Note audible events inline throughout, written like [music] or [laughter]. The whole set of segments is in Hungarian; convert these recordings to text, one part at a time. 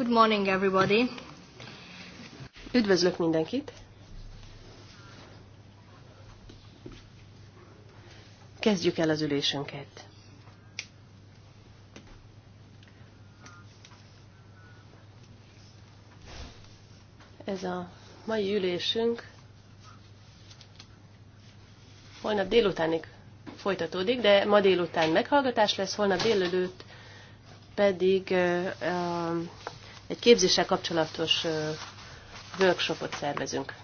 Good morning, everybody. Üdvözlök mindenkit. Kezdjük el az ülésünket. Ez a mai ülésünk holnap délutánig folytatódik, de ma délután meghallgatás lesz, holnap délelőtt pedig egy képzéssel kapcsolatos workshopot szervezünk.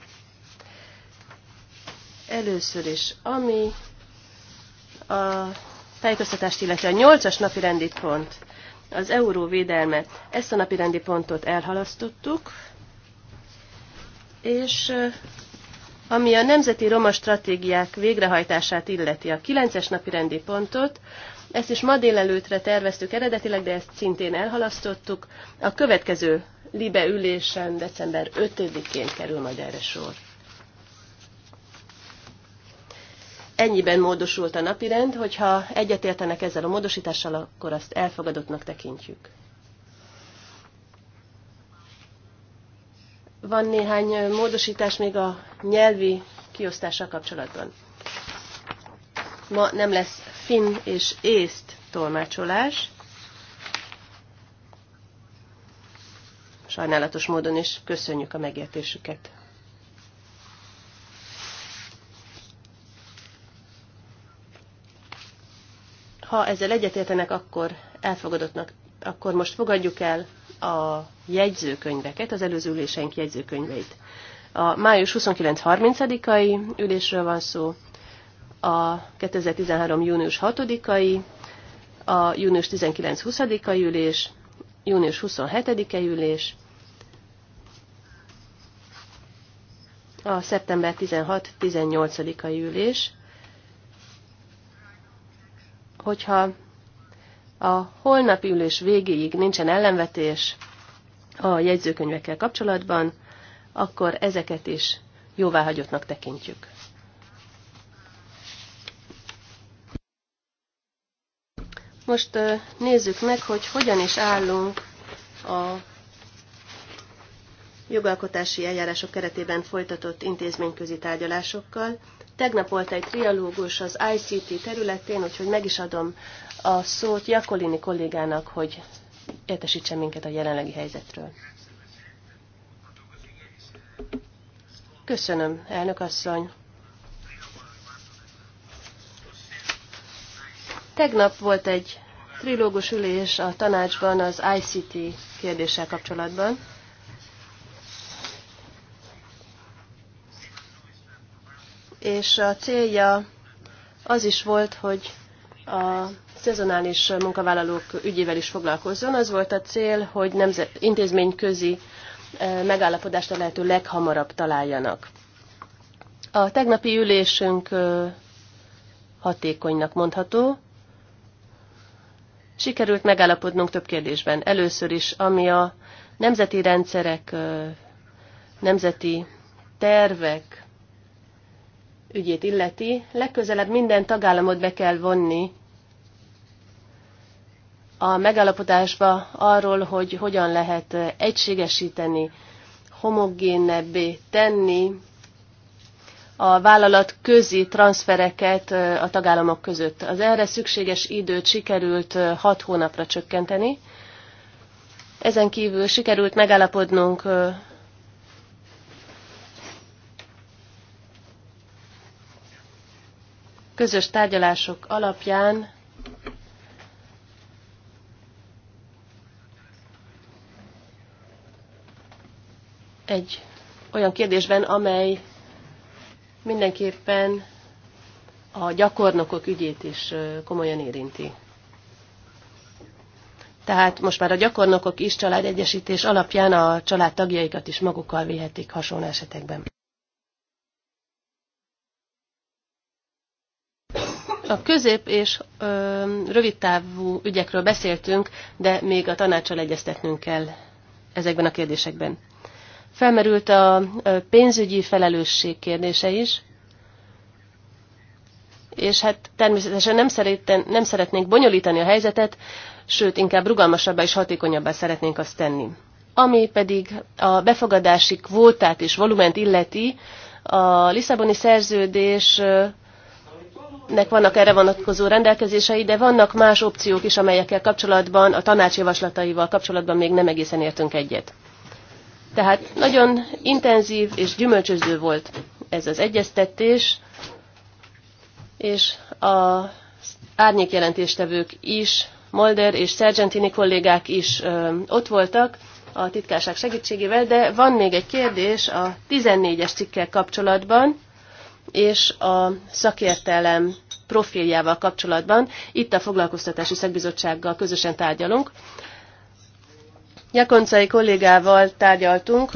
Először is, ami a tájékoztatást illeti a nyolcas napi rendi pont, az euró Ezt a napi rendi pontot elhalasztottuk, és ami a nemzeti roma stratégiák végrehajtását illeti a 9-es napi rendi pontot, ezt is ma délelőtre terveztük eredetileg, de ezt szintén elhalasztottuk. A következő Libe ülésen december 5-én kerül majd erre sor. Ennyiben módosult a napirend, hogyha egyetértenek ezzel a módosítással, akkor azt elfogadottnak tekintjük. Van néhány módosítás még a nyelvi kiosztással kapcsolatban. Ma nem lesz finn és észt tolmácsolás. Sajnálatos módon is köszönjük a megértésüket. Ha ezzel egyetértenek, akkor elfogadottnak, akkor most fogadjuk el a jegyzőkönyveket, az előző üléseink jegyzőkönyveit. A május 29-30-ai ülésről van szó, a 2013. június 6-ai, a június 19-20-ai ülés, június 27-e ülés, a szeptember 16-18-ai ülés, hogyha a holnapi ülés végéig nincsen ellenvetés a jegyzőkönyvekkel kapcsolatban, akkor ezeket is jóváhagyottnak tekintjük. Most nézzük meg, hogy hogyan is állunk a jogalkotási eljárások keretében folytatott intézményközi tárgyalásokkal. Tegnap volt egy trialógus az ICT területén, úgyhogy meg is adom a szót Jakolini kollégának, hogy értesítse minket a jelenlegi helyzetről. Köszönöm, elnök asszony. Tegnap volt egy trilógus ülés a tanácsban az ICT kérdéssel kapcsolatban. És a célja az is volt, hogy a szezonális munkavállalók ügyével is foglalkozzon. Az volt a cél, hogy nemzet, intézményközi e, megállapodást a lehető leghamarabb találjanak. A tegnapi ülésünk hatékonynak mondható, Sikerült megállapodnunk több kérdésben. Először is, ami a nemzeti rendszerek, nemzeti tervek ügyét illeti, legközelebb minden tagállamot be kell vonni a megállapodásba arról, hogy hogyan lehet egységesíteni, homogénebbé tenni a vállalat közi transfereket a tagállamok között. Az erre szükséges időt sikerült 6 hónapra csökkenteni. Ezen kívül sikerült megállapodnunk közös tárgyalások alapján egy olyan kérdésben, amely mindenképpen a gyakornokok ügyét is komolyan érinti. Tehát most már a gyakornokok is családegyesítés alapján a család tagjaikat is magukkal vihetik hasonló esetekben. A közép és ö, rövidtávú ügyekről beszéltünk, de még a tanácsal egyeztetnünk kell ezekben a kérdésekben. Felmerült a pénzügyi felelősség kérdése is, és hát természetesen nem, szereten, nem szeretnénk bonyolítani a helyzetet, sőt, inkább rugalmasabbá és hatékonyabbá szeretnénk azt tenni. Ami pedig a befogadási kvótát és volument illeti, a Lisszaboni szerződés nek vannak erre vonatkozó rendelkezései, de vannak más opciók is, amelyekkel kapcsolatban, a tanács javaslataival kapcsolatban még nem egészen értünk egyet. Tehát nagyon intenzív és gyümölcsöző volt ez az egyeztetés, és a árnyékjelentéstevők is, Molder és Sargentini kollégák is ö, ott voltak a titkárság segítségével, de van még egy kérdés a 14-es cikkel kapcsolatban, és a szakértelem profiljával kapcsolatban. Itt a foglalkoztatási szakbizottsággal közösen tárgyalunk. Nyakoncai kollégával tárgyaltunk,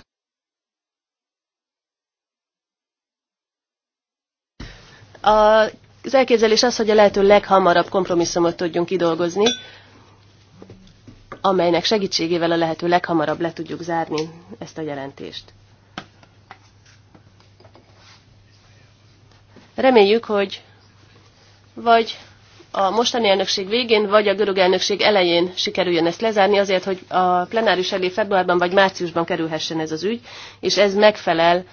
A, az elképzelés az, hogy a lehető leghamarabb kompromisszumot tudjunk kidolgozni, amelynek segítségével a lehető leghamarabb le tudjuk zárni ezt a jelentést. Reméljük, hogy vagy a mostani elnökség végén, vagy a görög elnökség elején sikerüljön ezt lezárni, azért, hogy a plenáris elé februárban vagy márciusban kerülhessen ez az ügy, és ez megfelel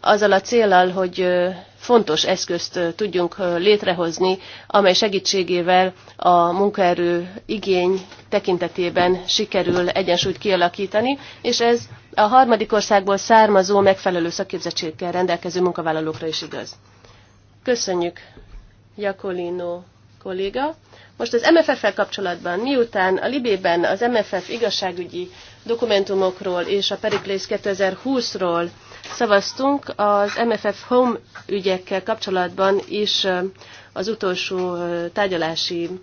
azzal a célral, hogy fontos eszközt tudjunk létrehozni, amely segítségével a munkaerő igény tekintetében sikerül egyensúlyt kialakítani, és ez a harmadik országból származó megfelelő szakképzettséggel rendelkező munkavállalókra is igaz. Köszönjük Jakolino kolléga. Most az MFF-fel kapcsolatban, miután a Libében az MFF igazságügyi dokumentumokról és a Pericles 2020-ról szavaztunk, az MFF Home ügyekkel kapcsolatban is az utolsó tárgyalási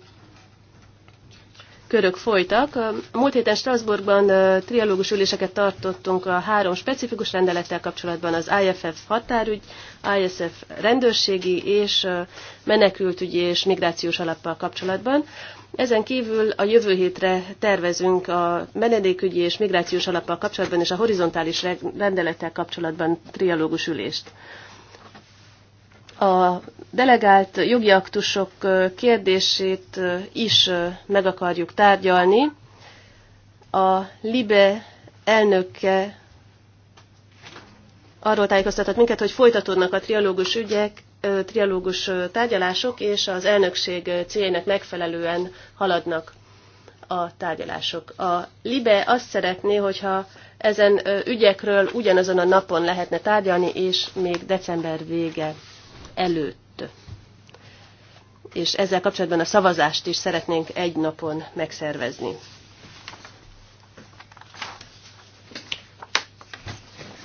körök folytak. A múlt héten Strasbourgban trialógus üléseket tartottunk a három specifikus rendelettel kapcsolatban, az IFF határügy, ISF rendőrségi és menekültügyi és migrációs alappal kapcsolatban. Ezen kívül a jövő hétre tervezünk a menedékügyi és migrációs alappal kapcsolatban és a horizontális rendelettel kapcsolatban trialógus ülést a delegált jogi aktusok kérdését is meg akarjuk tárgyalni. A LIBE elnöke arról tájékoztatott minket, hogy folytatódnak a trialógus ügyek, trialógus tárgyalások, és az elnökség céljainak megfelelően haladnak a tárgyalások. A LIBE azt szeretné, hogyha ezen ügyekről ugyanazon a napon lehetne tárgyalni, és még december vége előtt. És ezzel kapcsolatban a szavazást is szeretnénk egy napon megszervezni.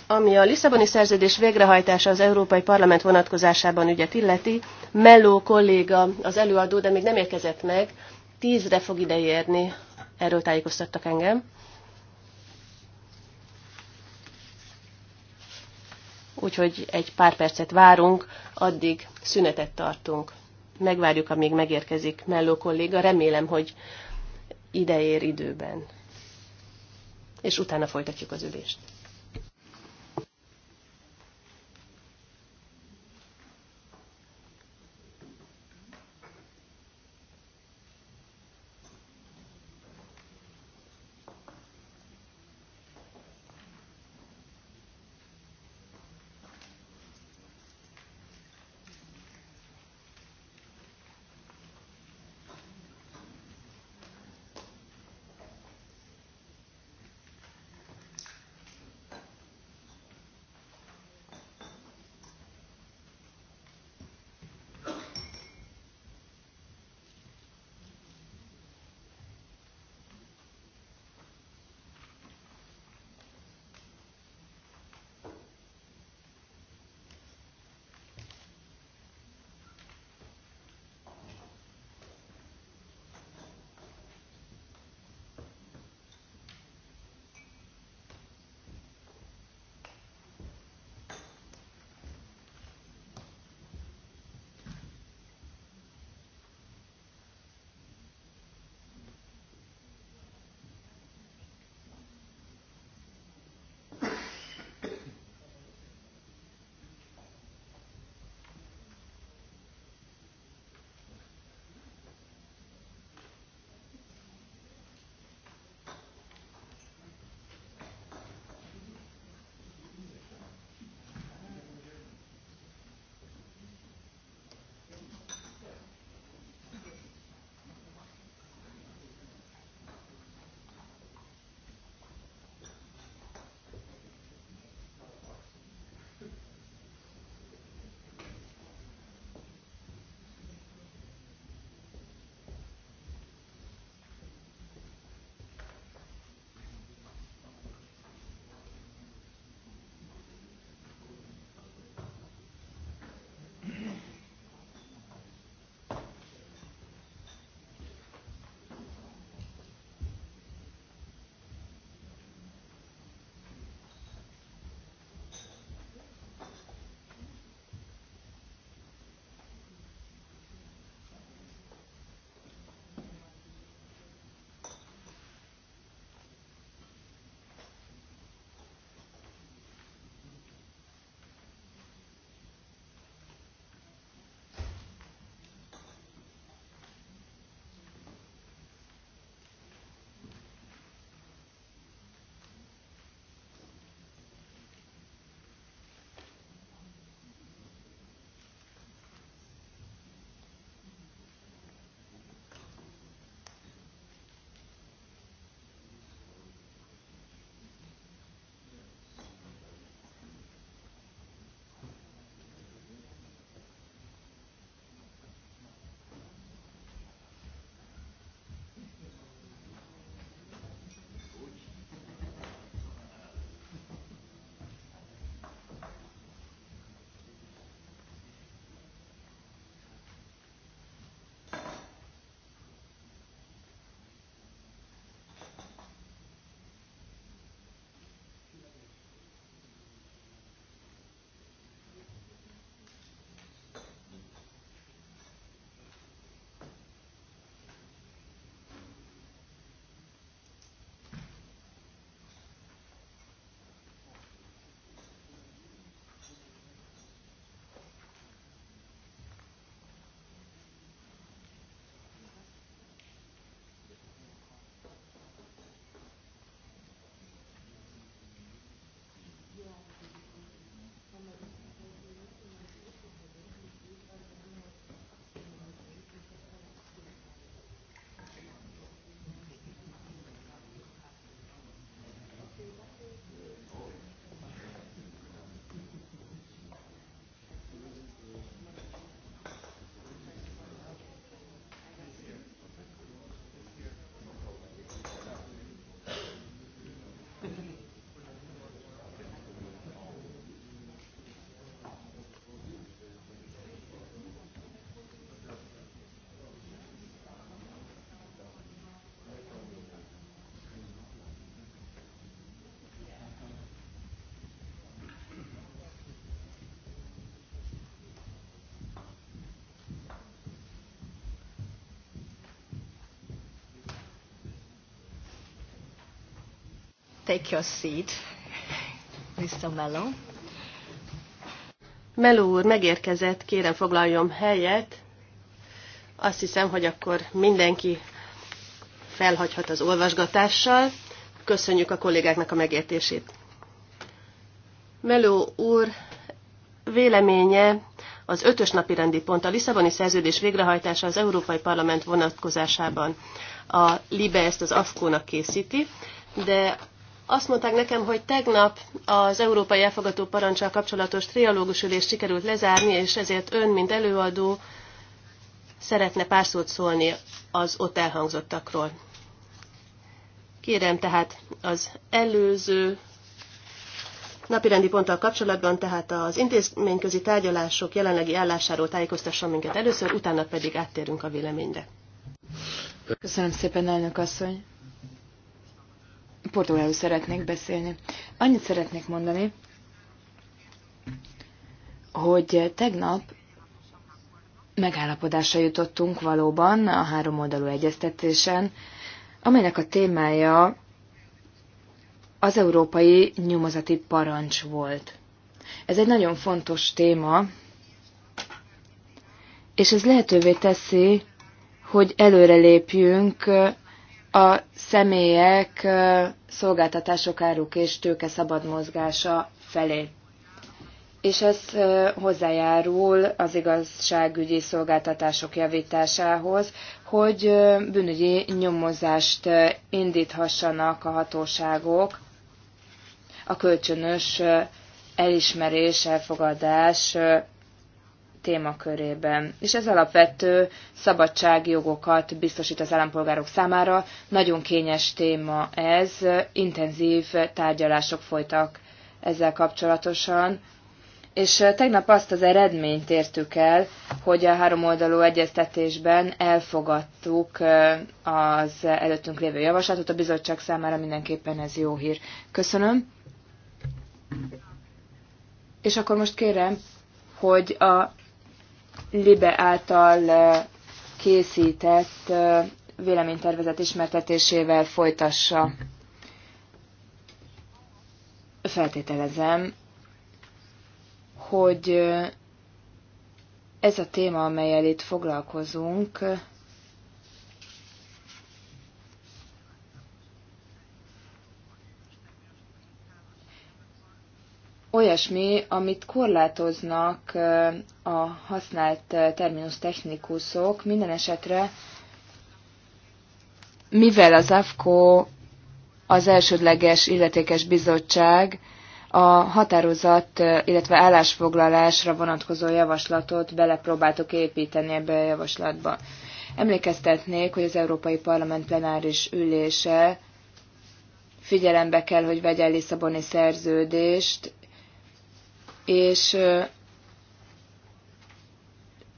Ami a Lisszaboni szerződés végrehajtása az Európai Parlament vonatkozásában ügyet illeti, Melló kolléga az előadó, de még nem érkezett meg, tízre fog ideérni, erről tájékoztattak engem úgyhogy egy pár percet várunk, addig szünetet tartunk. Megvárjuk, amíg megérkezik Melló kolléga, remélem, hogy ide ér időben. És utána folytatjuk az ülést. Take your seat, [laughs] Mr. Mello. Mello úr megérkezett, kérem foglaljon helyet. Azt hiszem, hogy akkor mindenki felhagyhat az olvasgatással. Köszönjük a kollégáknak a megértését. Melo úr véleménye az ötös napi rendi pont a Lisszaboni szerződés végrehajtása az Európai Parlament vonatkozásában. A LIBE ezt az Afkónak nak készíti, de azt mondták nekem, hogy tegnap az Európai Elfogató Parancsal kapcsolatos trialógusülést sikerült lezárni, és ezért ön, mint előadó, szeretne pár szót szólni az ott elhangzottakról. Kérem tehát az előző napirendi ponttal kapcsolatban, tehát az intézményközi tárgyalások jelenlegi állásáról tájékoztasson minket először, utána pedig áttérünk a véleményre. Köszönöm szépen, elnök asszony! portugálul szeretnék beszélni. Annyit szeretnék mondani, hogy tegnap megállapodásra jutottunk valóban a három oldalú egyeztetésen, amelynek a témája az európai nyomozati parancs volt. Ez egy nagyon fontos téma, és ez lehetővé teszi, hogy előrelépjünk a személyek, szolgáltatások, áruk és tőke szabad mozgása felé. És ez hozzájárul az igazságügyi szolgáltatások javításához, hogy bűnügyi nyomozást indíthassanak a hatóságok a kölcsönös elismerés, elfogadás témakörében. És ez alapvető szabadságjogokat biztosít az állampolgárok számára. Nagyon kényes téma ez, intenzív tárgyalások folytak ezzel kapcsolatosan. És tegnap azt az eredményt értük el, hogy a háromoldalú egyeztetésben elfogadtuk az előttünk lévő javaslatot. A bizottság számára mindenképpen ez jó hír. Köszönöm. És akkor most kérem, hogy a Libe által eh, készített eh, véleménytervezet ismertetésével folytassa. Feltételezem, hogy eh, ez a téma, amelyel itt foglalkozunk, olyasmi, amit korlátoznak a használt terminus technikusok. Minden esetre, mivel az AFKO az elsődleges illetékes bizottság a határozat, illetve állásfoglalásra vonatkozó javaslatot belepróbáltuk építeni ebbe a javaslatba. Emlékeztetnék, hogy az Európai Parlament plenáris ülése figyelembe kell, hogy vegye Lisszaboni szerződést, és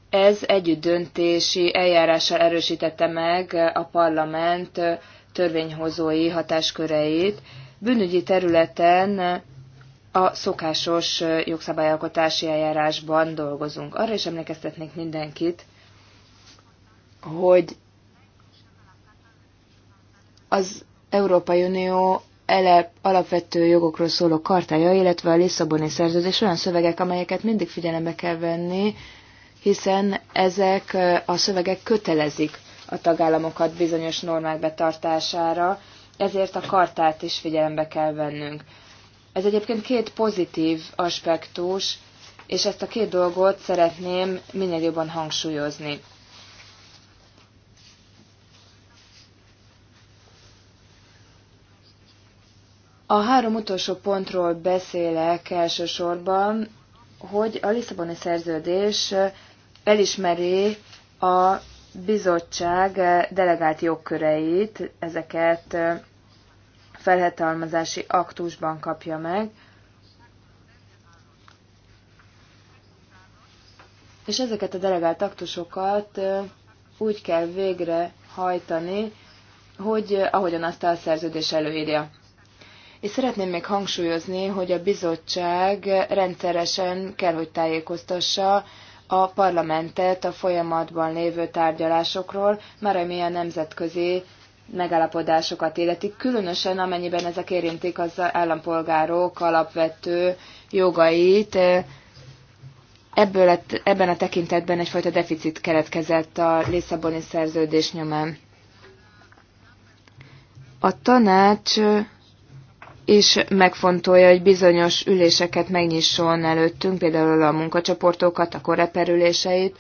ez együttdöntési eljárással erősítette meg a parlament törvényhozói hatásköreit. Bűnügyi területen a szokásos jogszabályalkotási eljárásban dolgozunk. Arra is emlékeztetnék mindenkit, hogy az Európai Unió ele, alapvető jogokról szóló kartája, illetve a Lisszaboni szerződés olyan szövegek, amelyeket mindig figyelembe kell venni, hiszen ezek a szövegek kötelezik a tagállamokat bizonyos normák betartására, ezért a kartát is figyelembe kell vennünk. Ez egyébként két pozitív aspektus, és ezt a két dolgot szeretném minél jobban hangsúlyozni. A három utolsó pontról beszélek elsősorban, hogy a Lisszaboni szerződés elismeri a bizottság delegált jogköreit, ezeket felhatalmazási aktusban kapja meg, és ezeket a delegált aktusokat úgy kell végre hajtani, hogy ahogyan azt a szerződés előírja. És szeretném még hangsúlyozni, hogy a bizottság rendszeresen kell, hogy tájékoztassa a parlamentet a folyamatban lévő tárgyalásokról, már ami a nemzetközi megállapodásokat illeti, különösen amennyiben ezek érintik az állampolgárok alapvető jogait. Ebből, lett, ebben a tekintetben egyfajta deficit keletkezett a Lisszaboni szerződés nyomán. A tanács és megfontolja, hogy bizonyos üléseket megnyisson előttünk, például a munkacsoportokat, a koreperüléseit,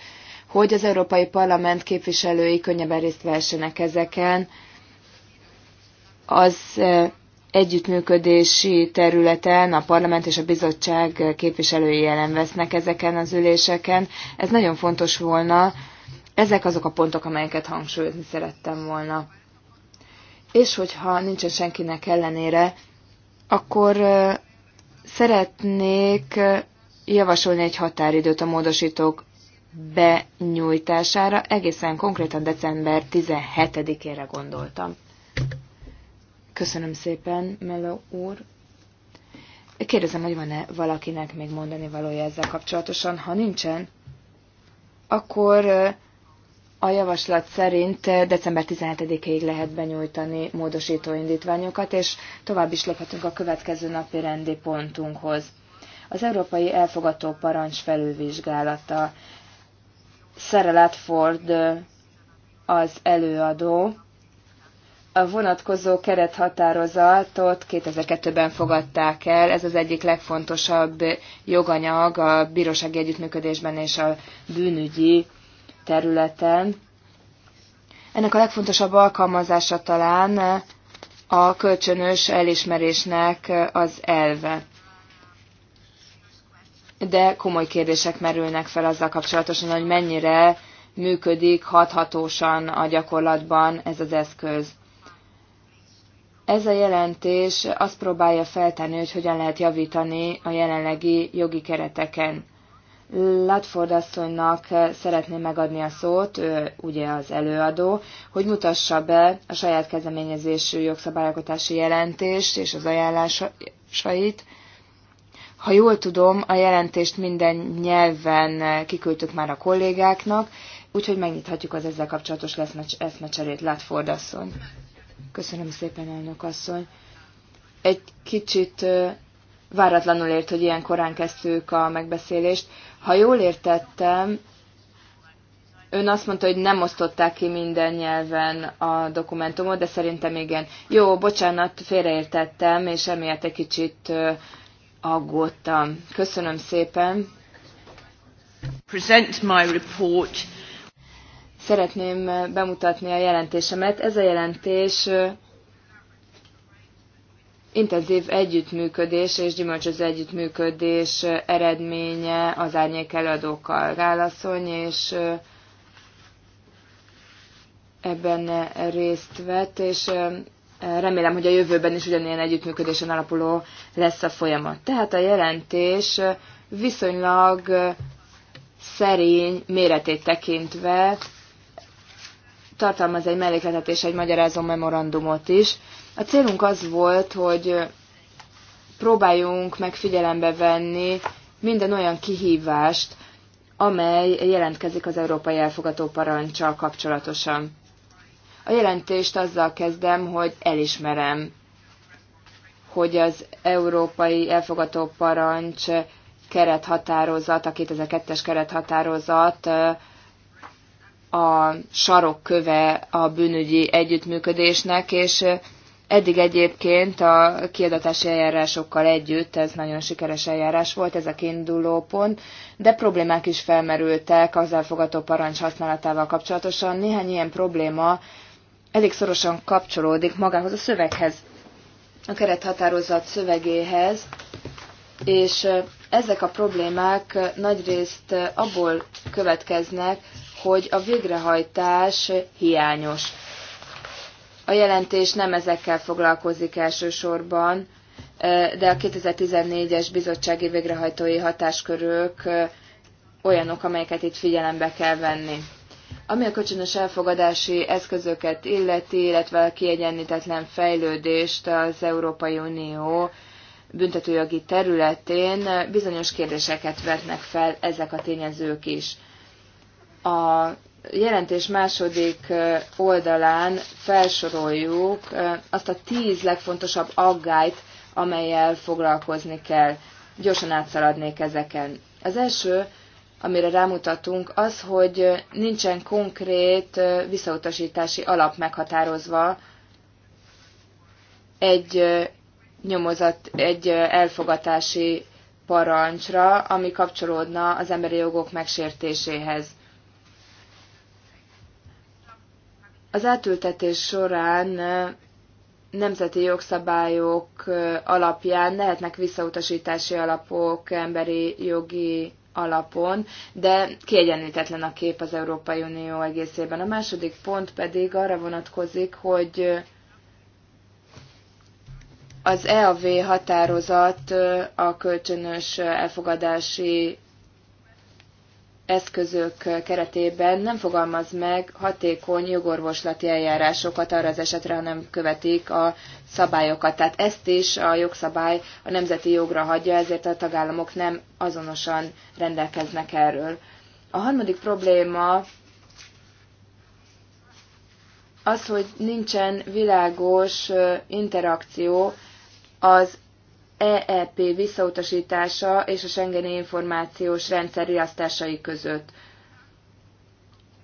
hogy az Európai Parlament képviselői könnyebben részt vehessenek ezeken, az együttműködési területen a parlament és a bizottság képviselői jelen vesznek ezeken az üléseken. Ez nagyon fontos volna. Ezek azok a pontok, amelyeket hangsúlyozni szerettem volna. És hogyha nincsen senkinek ellenére, akkor szeretnék javasolni egy határidőt a módosítók benyújtására. Egészen konkrétan december 17-ére gondoltam. Köszönöm szépen, Melo úr. Kérdezem, hogy van-e valakinek még mondani valója ezzel kapcsolatosan. Ha nincsen, akkor a javaslat szerint december 17-ig lehet benyújtani módosító indítványokat, és tovább is lophatunk a következő napi rendi pontunkhoz. Az Európai Elfogató Parancs felülvizsgálata. Sarah Ford, az előadó. A vonatkozó kerethatározatot 2002-ben fogadták el, ez az egyik legfontosabb joganyag a bírósági együttműködésben és a bűnügyi területen. Ennek a legfontosabb alkalmazása talán a kölcsönös elismerésnek az elve. De komoly kérdések merülnek fel azzal kapcsolatosan, hogy mennyire működik hathatósan a gyakorlatban ez az eszköz. Ez a jelentés azt próbálja feltenni, hogy hogyan lehet javítani a jelenlegi jogi kereteken. Latford asszonynak eh, szeretném megadni a szót, ő ugye az előadó, hogy mutassa be a saját kezdeményezésű jogszabályalkotási jelentést és az ajánlásait. Ha jól tudom, a jelentést minden nyelven eh, kiküldtük már a kollégáknak, úgyhogy megnyithatjuk az ezzel kapcsolatos eszmecserét, Latford asszony. Köszönöm szépen, elnök asszony. Egy kicsit eh, váratlanul ért, hogy ilyen korán kezdtük a megbeszélést. Ha jól értettem, ön azt mondta, hogy nem osztották ki minden nyelven a dokumentumot, de szerintem igen. Jó, bocsánat, félreértettem, és emiatt egy kicsit aggódtam. Köszönöm szépen. Present my report. Szeretném bemutatni a jelentésemet. Ez a jelentés intenzív együttműködés és gyümölcsöző együttműködés eredménye az árnyék előadókkal rálaszolni, és ebben részt vett, és remélem, hogy a jövőben is ugyanilyen együttműködésen alapuló lesz a folyamat. Tehát a jelentés viszonylag szerény méretét tekintve tartalmaz egy mellékletet és egy magyarázó memorandumot is. A célunk az volt, hogy próbáljunk meg figyelembe venni minden olyan kihívást, amely jelentkezik az európai elfogató parancsal kapcsolatosan. A jelentést azzal kezdem, hogy elismerem, hogy az európai elfogató parancs kerethatározat, a 2002-es kerethatározat a sarokköve a bűnügyi együttműködésnek, és eddig egyébként a kiadatási eljárásokkal együtt ez nagyon sikeres eljárás volt, ez a kiinduló pont, de problémák is felmerültek az elfogató parancs használatával kapcsolatosan. Néhány ilyen probléma elég szorosan kapcsolódik magához a szöveghez, a kerethatározat szövegéhez, és ezek a problémák nagyrészt abból következnek, hogy a végrehajtás hiányos. A jelentés nem ezekkel foglalkozik elsősorban, de a 2014-es bizottsági végrehajtói hatáskörök olyanok, amelyeket itt figyelembe kell venni. Ami a kölcsönös elfogadási eszközöket illeti, illetve a kiegyenlítetlen fejlődést az Európai Unió büntetőjogi területén bizonyos kérdéseket vetnek fel ezek a tényezők is. A jelentés második oldalán felsoroljuk azt a tíz legfontosabb aggályt, amelyel foglalkozni kell. Gyorsan átszaladnék ezeken. Az első, amire rámutatunk, az, hogy nincsen konkrét visszautasítási alap meghatározva egy nyomozat, egy elfogatási parancsra, ami kapcsolódna az emberi jogok megsértéséhez. Az átültetés során nemzeti jogszabályok alapján lehetnek visszautasítási alapok emberi jogi alapon, de kiegyenlítetlen a kép az Európai Unió egészében. A második pont pedig arra vonatkozik, hogy az EAV határozat a kölcsönös elfogadási eszközök keretében nem fogalmaz meg hatékony jogorvoslati eljárásokat arra az esetre, ha nem követik a szabályokat. Tehát ezt is a jogszabály a nemzeti jogra hagyja, ezért a tagállamok nem azonosan rendelkeznek erről. A harmadik probléma az, hogy nincsen világos interakció az EEP visszautasítása és a Schengeni információs rendszer riasztásai között.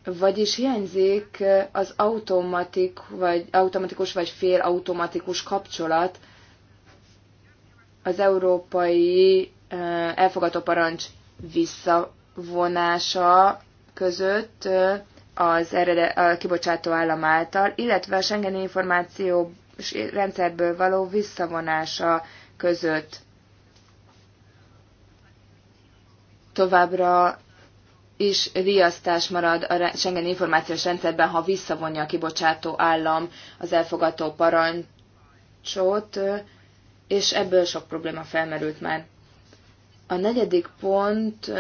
Vagyis hiányzik az automatik, vagy automatikus vagy félautomatikus kapcsolat az európai elfogadó parancs visszavonása között az erede, a kibocsátó állam által, illetve a Schengeni információs rendszerből való visszavonása között. Továbbra is riasztás marad a Schengen információs rendszerben, ha visszavonja a kibocsátó állam az elfogadó parancsot, és ebből sok probléma felmerült már. A negyedik pont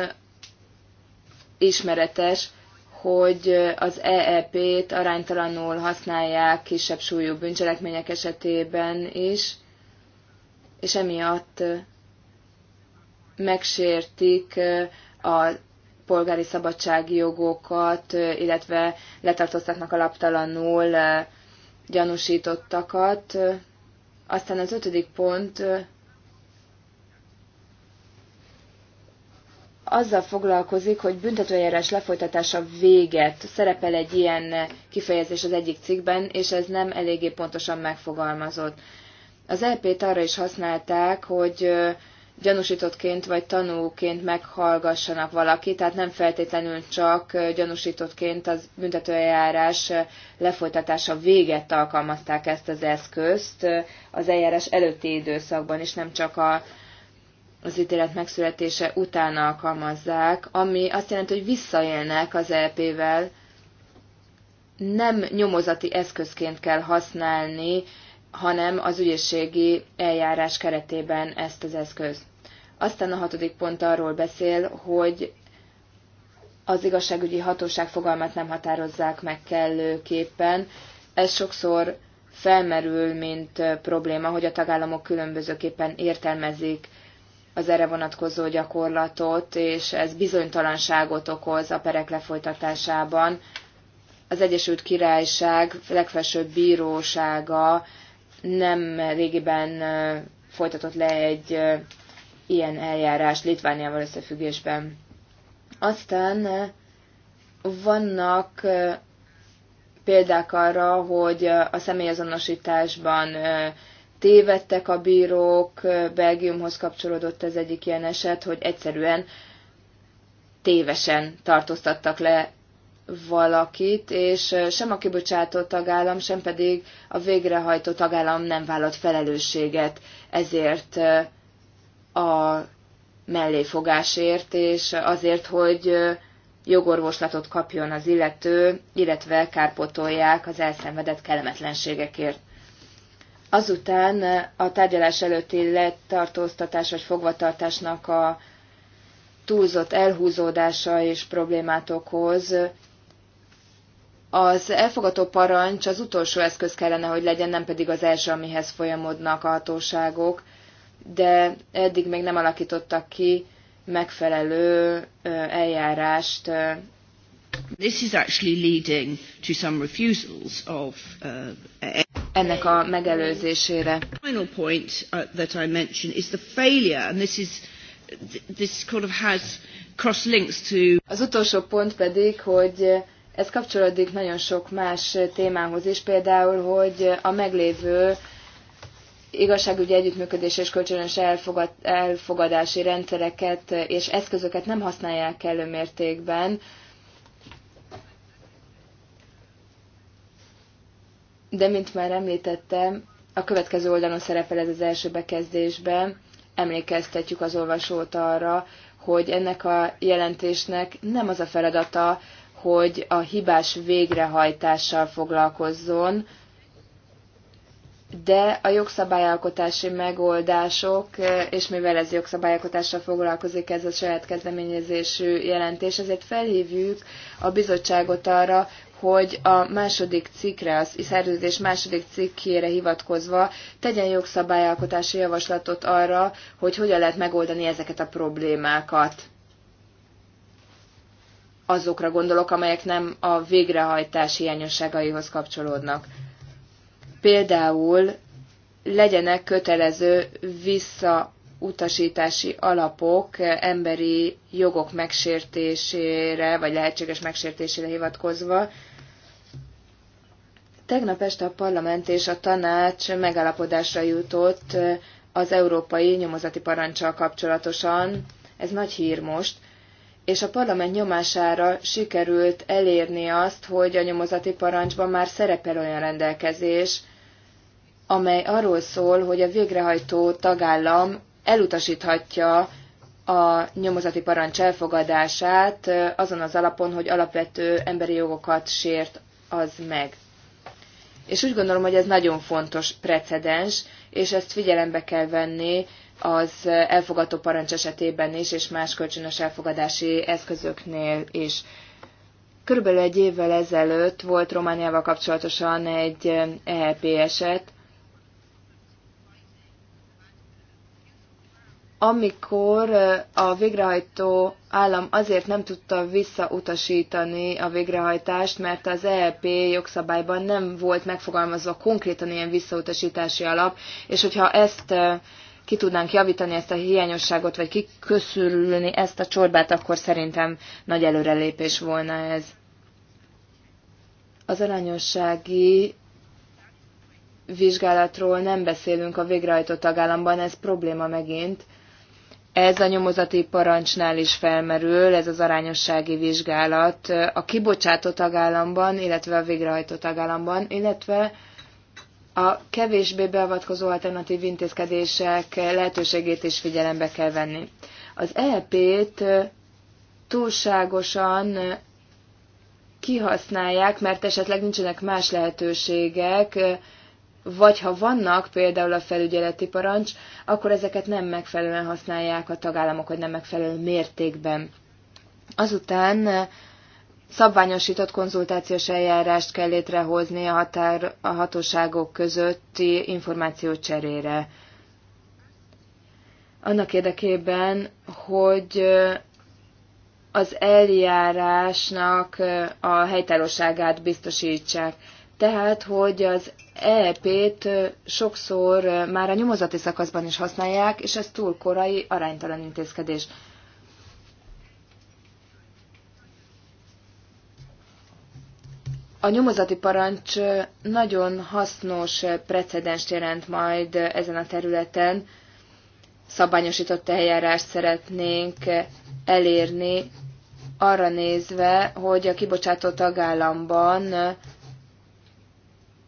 ismeretes, hogy az EEP-t aránytalanul használják kisebb súlyú bűncselekmények esetében is, és emiatt megsértik a polgári szabadsági jogokat, illetve letartóztatnak alaptalanul gyanúsítottakat. Aztán az ötödik pont azzal foglalkozik, hogy büntetőjárás lefolytatása véget. Szerepel egy ilyen kifejezés az egyik cikkben, és ez nem eléggé pontosan megfogalmazott. Az EP-t arra is használták, hogy gyanúsítottként vagy tanúként meghallgassanak valakit, tehát nem feltétlenül csak gyanúsítottként az büntetőeljárás lefolytatása véget alkalmazták ezt az eszközt az eljárás előtti időszakban, és nem csak a, az ítélet megszületése után alkalmazzák, ami azt jelenti, hogy visszaélnek az LP-vel, e nem nyomozati eszközként kell használni, hanem az ügyészségi eljárás keretében ezt az eszköz. Aztán a hatodik pont arról beszél, hogy az igazságügyi hatóság fogalmát nem határozzák meg kellőképpen. Ez sokszor felmerül, mint probléma, hogy a tagállamok különbözőképpen értelmezik az erre vonatkozó gyakorlatot, és ez bizonytalanságot okoz a perek lefolytatásában. Az Egyesült Királyság legfelsőbb bírósága nem régiben folytatott le egy ilyen eljárás Litvániával összefüggésben. Aztán vannak példák arra, hogy a személyazonosításban tévedtek a bírók, Belgiumhoz kapcsolódott ez egyik ilyen eset, hogy egyszerűen tévesen tartóztattak le valakit, és sem a kibocsátó tagállam, sem pedig a végrehajtó tagállam nem vállalt felelősséget ezért a melléfogásért, és azért, hogy jogorvoslatot kapjon az illető, illetve kárpotolják az elszenvedett kellemetlenségekért. Azután a tárgyalás előtti letartóztatás vagy fogvatartásnak a túlzott elhúzódása és problémát okoz, az elfogató parancs az utolsó eszköz kellene, hogy legyen, nem pedig az első, amihez folyamodnak a hatóságok, de eddig még nem alakítottak ki megfelelő eljárást. This is actually leading to some refusals of, uh, ennek a megelőzésére. Final point uh, that I mention is the failure, and this is this kind of has cross links to. Az utolsó pont pedig, hogy ez kapcsolódik nagyon sok más témához is, például, hogy a meglévő igazságügyi együttműködés és kölcsönös elfogad, elfogadási rendszereket és eszközöket nem használják kellő mértékben. De, mint már említettem, a következő oldalon szerepel ez az első bekezdésben. Emlékeztetjük az olvasót arra, hogy ennek a jelentésnek nem az a feladata, hogy a hibás végrehajtással foglalkozzon, de a jogszabályalkotási megoldások, és mivel ez jogszabályalkotással foglalkozik ez a saját kezdeményezésű jelentés, ezért felhívjuk a bizottságot arra, hogy a második cikkre, az szerződés második cikkére hivatkozva tegyen jogszabályalkotási javaslatot arra, hogy hogyan lehet megoldani ezeket a problémákat azokra gondolok, amelyek nem a végrehajtás hiányosságaihoz kapcsolódnak. Például legyenek kötelező visszautasítási alapok emberi jogok megsértésére, vagy lehetséges megsértésére hivatkozva. Tegnap este a parlament és a tanács megállapodásra jutott az európai nyomozati parancsal kapcsolatosan. Ez nagy hír most, és a parlament nyomására sikerült elérni azt, hogy a nyomozati parancsban már szerepel olyan rendelkezés, amely arról szól, hogy a végrehajtó tagállam elutasíthatja a nyomozati parancs elfogadását azon az alapon, hogy alapvető emberi jogokat sért az meg. És úgy gondolom, hogy ez nagyon fontos precedens, és ezt figyelembe kell venni az elfogadó parancs esetében is, és más kölcsönös elfogadási eszközöknél is. Körülbelül egy évvel ezelőtt volt Romániával kapcsolatosan egy EHP e eset, amikor eh, a végrehajtó állam azért nem tudta visszautasítani a végrehajtást, mert az EEP jogszabályban nem volt megfogalmazva konkrétan ilyen visszautasítási alap, és hogyha ezt eh, ki tudnánk javítani ezt a hiányosságot, vagy kiköszülni ezt a csorbát, akkor szerintem nagy előrelépés volna ez. Az arányossági vizsgálatról nem beszélünk a végrehajtó tagállamban, ez probléma megint. Ez a nyomozati parancsnál is felmerül, ez az arányossági vizsgálat a kibocsátó tagállamban, illetve a végrehajtó tagállamban, illetve a kevésbé beavatkozó alternatív intézkedések lehetőségét is figyelembe kell venni. Az EP-t túlságosan kihasználják, mert esetleg nincsenek más lehetőségek, vagy ha vannak például a felügyeleti parancs, akkor ezeket nem megfelelően használják a tagállamok, vagy nem megfelelő mértékben. Azután szabványosított konzultációs eljárást kell létrehozni a, határ, a hatóságok közötti információ cserére. Annak érdekében, hogy az eljárásnak a helytállóságát biztosítsák. Tehát, hogy az ep t sokszor már a nyomozati szakaszban is használják, és ez túl korai, aránytalan intézkedés. A nyomozati parancs nagyon hasznos precedens jelent majd ezen a területen. Szabályosított eljárást szeretnénk elérni, arra nézve, hogy a kibocsátó tagállamban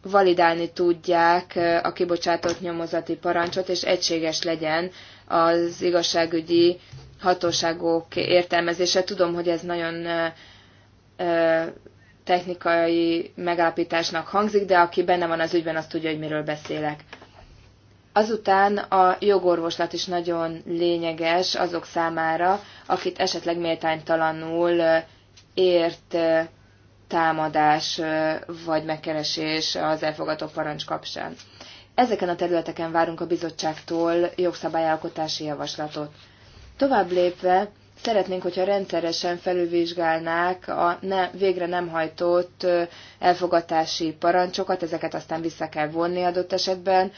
validálni tudják a kibocsátott nyomozati parancsot, és egységes legyen az igazságügyi hatóságok értelmezése. Tudom, hogy ez nagyon technikai megállapításnak hangzik, de aki benne van az ügyben, azt tudja, hogy miről beszélek. Azután a jogorvoslat is nagyon lényeges azok számára, akit esetleg méltánytalanul ért támadás vagy megkeresés az elfogadó parancs kapcsán. Ezeken a területeken várunk a bizottságtól jogszabályalkotási javaslatot. Tovább lépve Szeretnénk, hogyha rendszeresen felülvizsgálnák a ne, végre nem hajtott elfogatási parancsokat, ezeket aztán vissza kell vonni adott esetben,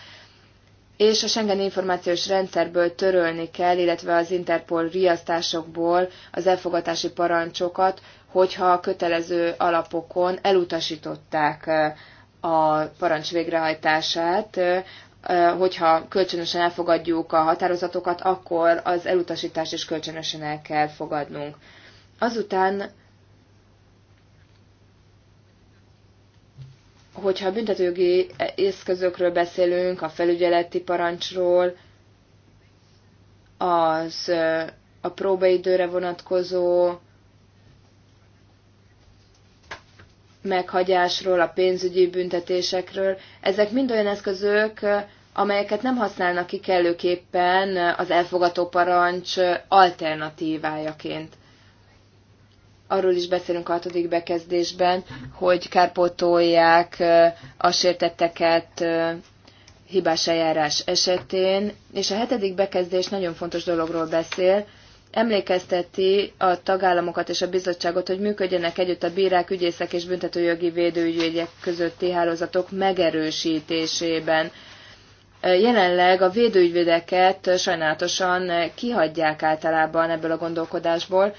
és a Schengen információs rendszerből törölni kell, illetve az Interpol riasztásokból az elfogatási parancsokat, hogyha kötelező alapokon elutasították a parancs végrehajtását. Eh, hogyha kölcsönösen elfogadjuk a határozatokat, akkor az elutasítást is kölcsönösen el kell fogadnunk. Azután, hogyha büntetőjogi eszközökről beszélünk, a felügyeleti parancsról, az eh, a próbaidőre vonatkozó meghagyásról, a pénzügyi büntetésekről. Ezek mind olyan eszközök, eh, amelyeket nem használnak ki kellőképpen az elfogató parancs alternatívájaként. Arról is beszélünk a hatodik bekezdésben, hogy kárpótolják a sértetteket hibás eljárás esetén, és a hetedik bekezdés nagyon fontos dologról beszél, emlékezteti a tagállamokat és a bizottságot, hogy működjenek együtt a bírák, ügyészek és büntetőjogi védőügyek közötti hálózatok megerősítésében. Jelenleg a védőügyvédeket sajnálatosan kihagyják általában ebből a gondolkodásból.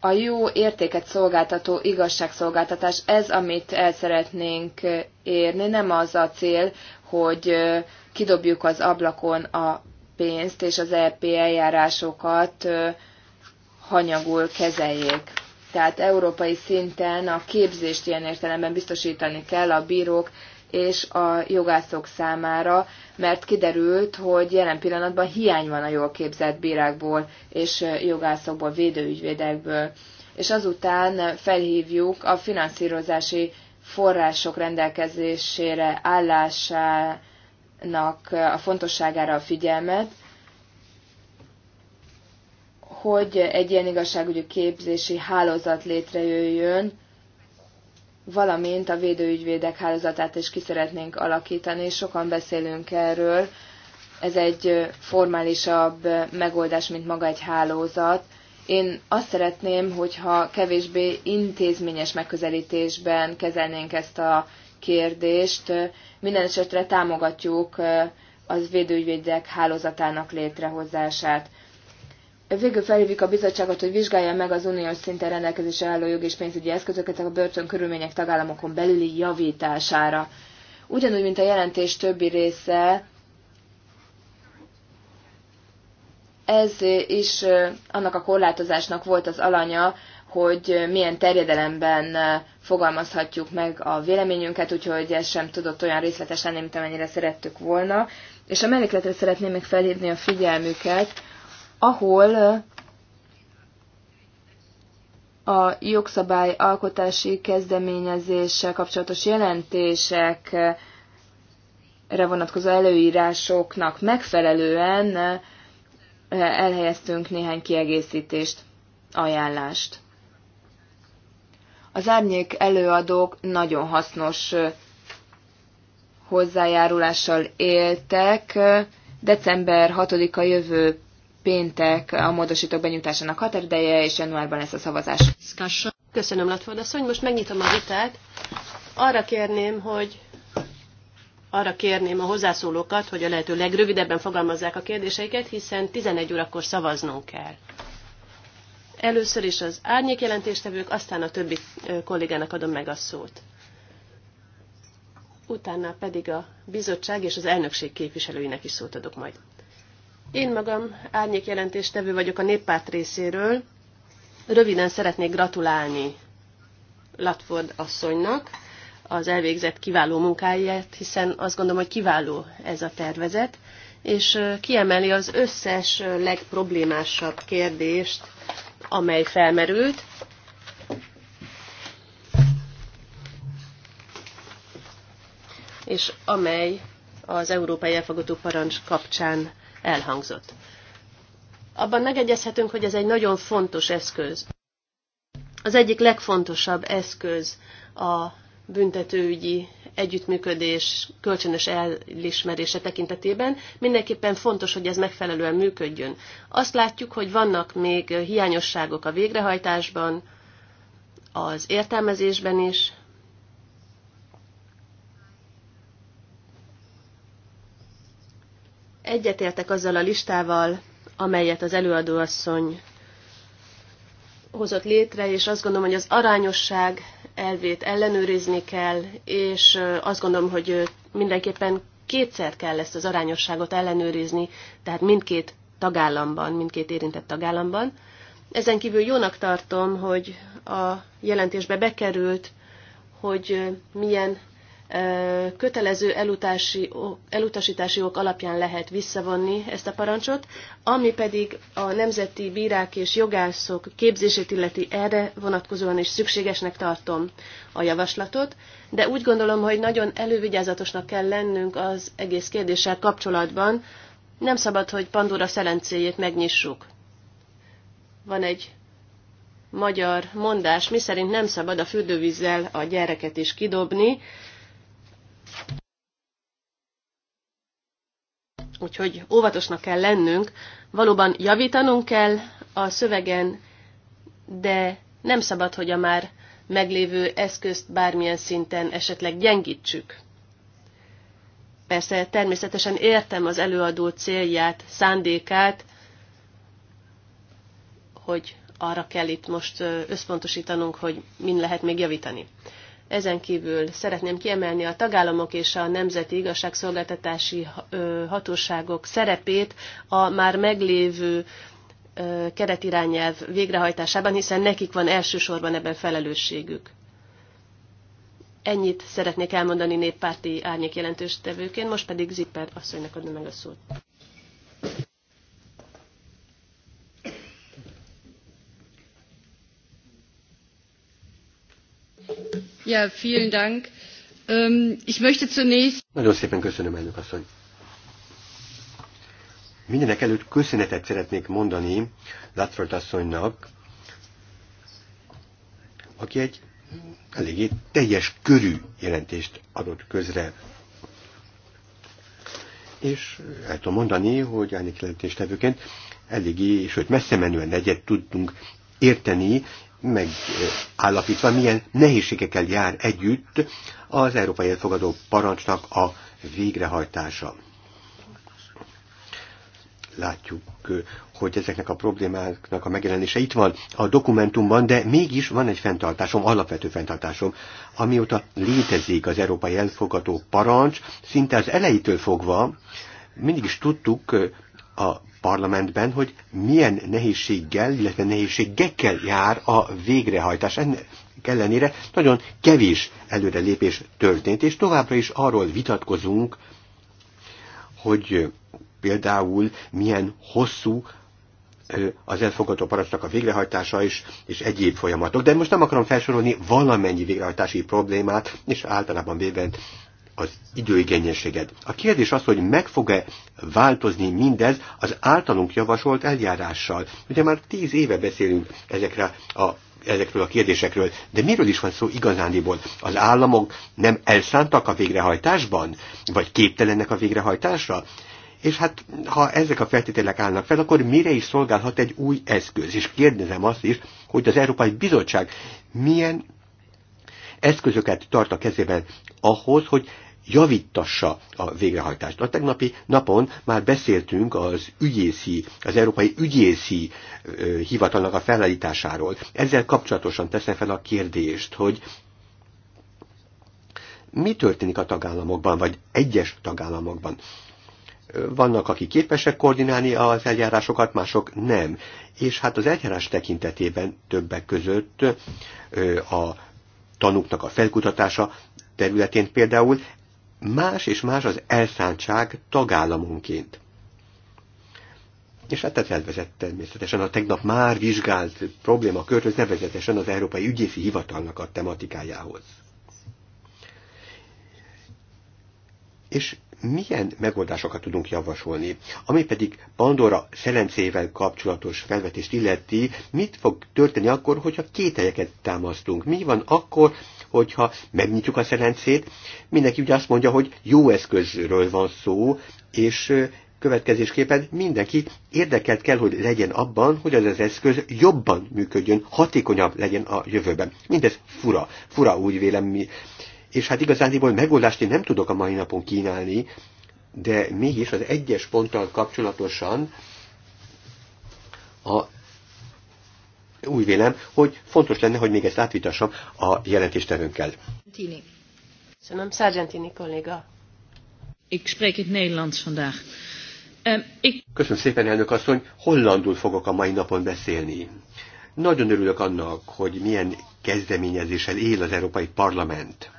A jó értéket szolgáltató igazságszolgáltatás, ez, amit el szeretnénk érni, nem az a cél, hogy kidobjuk az ablakon a pénzt, és az EP eljárásokat hanyagul kezeljék tehát európai szinten a képzést ilyen értelemben biztosítani kell a bírók és a jogászok számára, mert kiderült, hogy jelen pillanatban hiány van a jól képzett bírákból és jogászokból, védőügyvédekből. És azután felhívjuk a finanszírozási források rendelkezésére állásának a fontosságára a figyelmet, hogy egy ilyen igazságügyi képzési hálózat létrejöjjön, valamint a védőügyvédek hálózatát is ki szeretnénk alakítani. Sokan beszélünk erről. Ez egy formálisabb megoldás, mint maga egy hálózat. Én azt szeretném, hogyha kevésbé intézményes megközelítésben kezelnénk ezt a kérdést. Minden esetre támogatjuk az védőügyvédek hálózatának létrehozását. Végül felhívjuk a bizottságot, hogy vizsgálja meg az uniós szinten rendelkezésre álló jog és pénzügyi eszközöket a börtön körülmények tagállamokon belüli javítására. Ugyanúgy, mint a jelentés többi része, ez is annak a korlátozásnak volt az alanya, hogy milyen terjedelemben fogalmazhatjuk meg a véleményünket, úgyhogy ez sem tudott olyan részletes lenni, mint amennyire szerettük volna. És a mellékletre szeretném még felhívni a figyelmüket, ahol a jogszabály alkotási kezdeményezéssel kapcsolatos jelentésekre vonatkozó előírásoknak megfelelően elhelyeztünk néhány kiegészítést, ajánlást. Az árnyék előadók nagyon hasznos hozzájárulással éltek. December 6-a jövő péntek a módosítók benyújtásának határideje, és januárban lesz a szavazás. Köszönöm, Latford asszony. Most megnyitom a vitát. Arra kérném, hogy arra kérném a hozzászólókat, hogy a lehető legrövidebben fogalmazzák a kérdéseiket, hiszen 11 órakor szavaznunk kell. Először is az árnyék jelentéstevők, aztán a többi kollégának adom meg a szót. Utána pedig a bizottság és az elnökség képviselőinek is szót adok majd. Én magam árnyék jelentéstevő vagyok a néppárt részéről. Röviden szeretnék gratulálni Latford asszonynak az elvégzett kiváló munkáját, hiszen azt gondolom, hogy kiváló ez a tervezet, és kiemeli az összes legproblémásabb kérdést, amely felmerült. és amely az Európai Elfogadó Parancs kapcsán elhangzott. Abban megegyezhetünk, hogy ez egy nagyon fontos eszköz. Az egyik legfontosabb eszköz a büntetőügyi együttműködés kölcsönös elismerése tekintetében. Mindenképpen fontos, hogy ez megfelelően működjön. Azt látjuk, hogy vannak még hiányosságok a végrehajtásban, az értelmezésben is, Egyetértek azzal a listával, amelyet az előadóasszony hozott létre, és azt gondolom, hogy az arányosság elvét ellenőrizni kell, és azt gondolom, hogy mindenképpen kétszer kell ezt az arányosságot ellenőrizni, tehát mindkét tagállamban, mindkét érintett tagállamban. Ezen kívül jónak tartom, hogy a jelentésbe bekerült, hogy milyen kötelező elutási, elutasítási ok alapján lehet visszavonni ezt a parancsot, ami pedig a nemzeti bírák és jogászok képzését illeti erre vonatkozóan is szükségesnek tartom a javaslatot, de úgy gondolom, hogy nagyon elővigyázatosnak kell lennünk az egész kérdéssel kapcsolatban, nem szabad, hogy Pandora szelencéjét megnyissuk. Van egy magyar mondás, miszerint nem szabad a fürdővízzel a gyereket is kidobni, Úgyhogy óvatosnak kell lennünk. Valóban javítanunk kell a szövegen, de nem szabad, hogy a már meglévő eszközt bármilyen szinten esetleg gyengítsük. Persze természetesen értem az előadó célját, szándékát, hogy arra kell itt most összpontosítanunk, hogy min lehet még javítani. Ezen kívül szeretném kiemelni a tagállamok és a nemzeti igazságszolgáltatási hatóságok szerepét a már meglévő keretirányelv végrehajtásában, hiszen nekik van elsősorban ebben felelősségük. Ennyit szeretnék elmondani néppárti árnyék jelentős tevőként, most pedig Zipper asszonynak adom meg a szót. Ja, vielen Dank. Ähm, ich möchte zunächst... Nagyon szépen köszönöm, elnök asszony. Mindenek előtt köszönetet szeretnék mondani Latford asszonynak, aki egy eléggé teljes körű jelentést adott közre. És el tudom mondani, hogy elnök jelentéstevőként eléggé, sőt messze menően egyet tudtunk érteni, megállapítva, milyen nehézségekkel jár együtt az Európai Elfogadó Parancsnak a végrehajtása. Látjuk, hogy ezeknek a problémáknak a megjelenése itt van a dokumentumban, de mégis van egy fenntartásom, alapvető fenntartásom, amióta létezik az Európai Elfogadó Parancs, szinte az elejétől fogva mindig is tudtuk, a parlamentben, hogy milyen nehézséggel, illetve nehézségekkel jár a végrehajtás. Ennek ellenére nagyon kevés előrelépés történt, és továbbra is arról vitatkozunk, hogy például milyen hosszú az elfogadó parancsnak a végrehajtása is, és egyéb folyamatok. De most nem akarom felsorolni valamennyi végrehajtási problémát, és általában véve az időigényességed. A kérdés az, hogy meg fog-e változni mindez az általunk javasolt eljárással. Ugye már tíz éve beszélünk ezekre a ezekről a kérdésekről, de miről is van szó igazániból? Az államok nem elszántak a végrehajtásban? Vagy képtelenek a végrehajtásra? És hát, ha ezek a feltételek állnak fel, akkor mire is szolgálhat egy új eszköz? És kérdezem azt is, hogy az Európai Bizottság milyen eszközöket tart a kezében ahhoz, hogy javítassa a végrehajtást. A tegnapi napon már beszéltünk az ügyészi, az Európai Ügyészi Hivatalnak a felállításáról. Ezzel kapcsolatosan teszem fel a kérdést, hogy mi történik a tagállamokban, vagy egyes tagállamokban? Vannak, akik képesek koordinálni az eljárásokat, mások nem. És hát az eljárás tekintetében többek között a tanúknak a felkutatása területén például más és más az elszántság tagállamunként. És hát ez elvezett természetesen a tegnap már vizsgált problémakörhöz, nevezetesen az Európai Ügyészi Hivatalnak a tematikájához. És milyen megoldásokat tudunk javasolni? Ami pedig Pandora szelencével kapcsolatos felvetést illeti, mit fog történni akkor, hogyha kételyeket támasztunk? Mi van akkor, hogyha megnyitjuk a szerencét, mindenki ugye azt mondja, hogy jó eszközről van szó, és következésképpen mindenki érdekelt kell, hogy legyen abban, hogy az az eszköz jobban működjön, hatékonyabb legyen a jövőben. Mindez fura, fura úgy vélem mi. És hát igazándiból megoldást én nem tudok a mai napon kínálni, de mégis az egyes ponttal kapcsolatosan a úgy vélem, hogy fontos lenne, hogy még ezt átvitassam a jelentéstevőnkkel. Tini. Köszönöm, Sargentini kolléga. Ik spreek het Nederlands vandaag. Ehm, Köszönöm szépen, elnök asszony, hollandul fogok a mai napon beszélni. Nagyon örülök annak, hogy milyen kezdeményezéssel él az Európai Parlament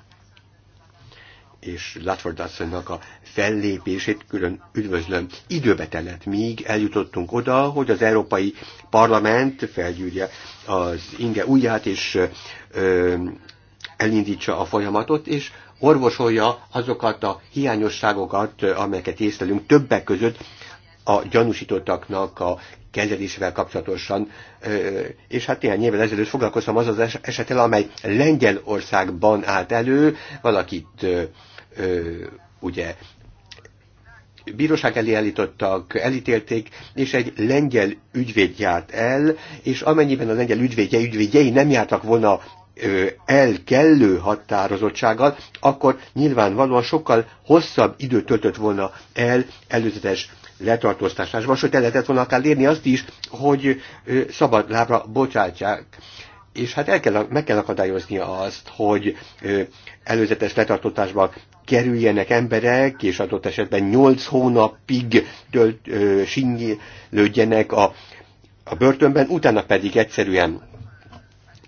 és Latford asszonynak a fellépését külön üdvözlöm. Időbe telett, míg eljutottunk oda, hogy az Európai Parlament felgyűrje az inge ujját, és ö, elindítsa a folyamatot, és orvosolja azokat a hiányosságokat, amelyeket észlelünk többek között a gyanúsítottaknak a kezelésével kapcsolatosan, és hát néhány évvel ezelőtt foglalkoztam az az esetel, amely Lengyelországban állt elő, valakit ugye bíróság elé elítottak, elítélték, és egy lengyel ügyvéd járt el, és amennyiben a lengyel ügyvédje ügyvédjei nem jártak volna el kellő határozottsággal, akkor nyilvánvalóan sokkal hosszabb időt töltött volna el előzetes letartóztatásban, sőt el lehetett volna akár érni azt is, hogy szabad lábra bocsátják. És hát el kell, meg kell akadályozni azt, hogy előzetes letartóztatásban kerüljenek emberek, és adott esetben 8 hónapig tölt, ö, a, a börtönben, utána pedig egyszerűen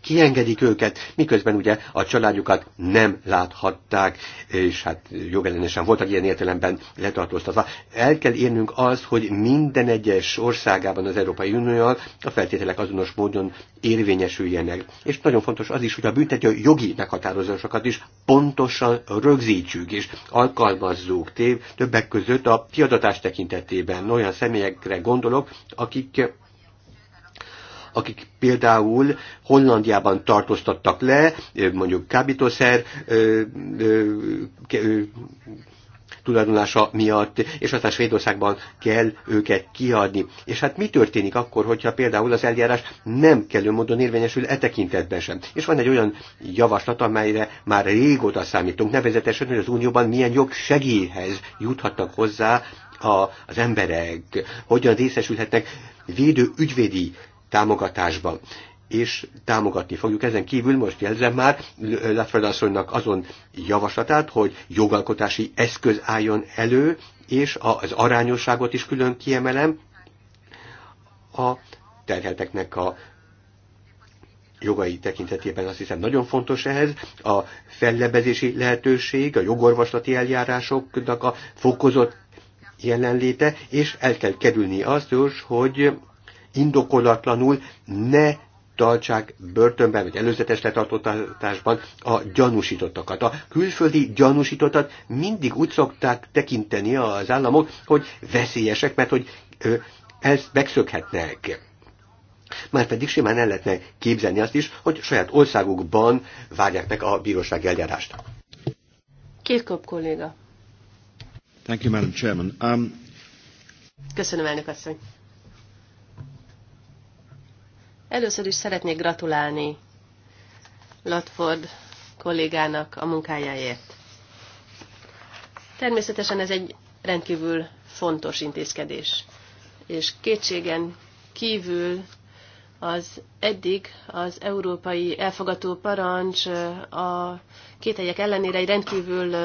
kiengedik őket, miközben ugye a családjukat nem láthatták, és hát jogellenesen voltak ilyen értelemben letartóztatva. El kell érnünk az, hogy minden egyes országában az Európai Unióval a feltételek azonos módon érvényesüljenek. És nagyon fontos az is, hogy a büntető jogi meghatározásokat is pontosan rögzítsük és alkalmazzuk tév, többek között a kiadatás tekintetében olyan személyekre gondolok, akik akik például Hollandiában tartóztattak le, mondjuk kábítószer tulajdonlása miatt, és aztán Svédországban kell őket kiadni. És hát mi történik akkor, hogyha például az eljárás nem kellő módon érvényesül e tekintetben sem? És van egy olyan javaslat, amelyre már régóta számítunk, nevezetesen, hogy az Unióban milyen jog segélyhez juthatnak hozzá a, az emberek, hogyan részesülhetnek védő ügyvédi támogatásban és támogatni fogjuk. Ezen kívül most jelzem már asszonynak azon javaslatát, hogy jogalkotási eszköz álljon elő, és az arányosságot is külön kiemelem a terhelteknek a jogai tekintetében azt hiszem nagyon fontos ehhez a fellebezési lehetőség, a jogorvoslati eljárásoknak a fokozott jelenléte, és el kell kerülni azt hogy indokolatlanul ne tartsák börtönben, vagy előzetes letartóztatásban a gyanúsítottakat. A külföldi gyanúsítottat mindig úgy szokták tekinteni az államok, hogy veszélyesek, mert hogy ö, ezt megszökhetnek. pedig simán el lehetne képzelni azt is, hogy saját országukban várják meg a bíróság eljárást. kop kolléga. Thank you, Madam Chairman. Um... Köszönöm, elnök asszony. Először is szeretnék gratulálni Latford kollégának a munkájáért. Természetesen ez egy rendkívül fontos intézkedés, és kétségen kívül az eddig az európai elfogató parancs a kételyek ellenére egy rendkívül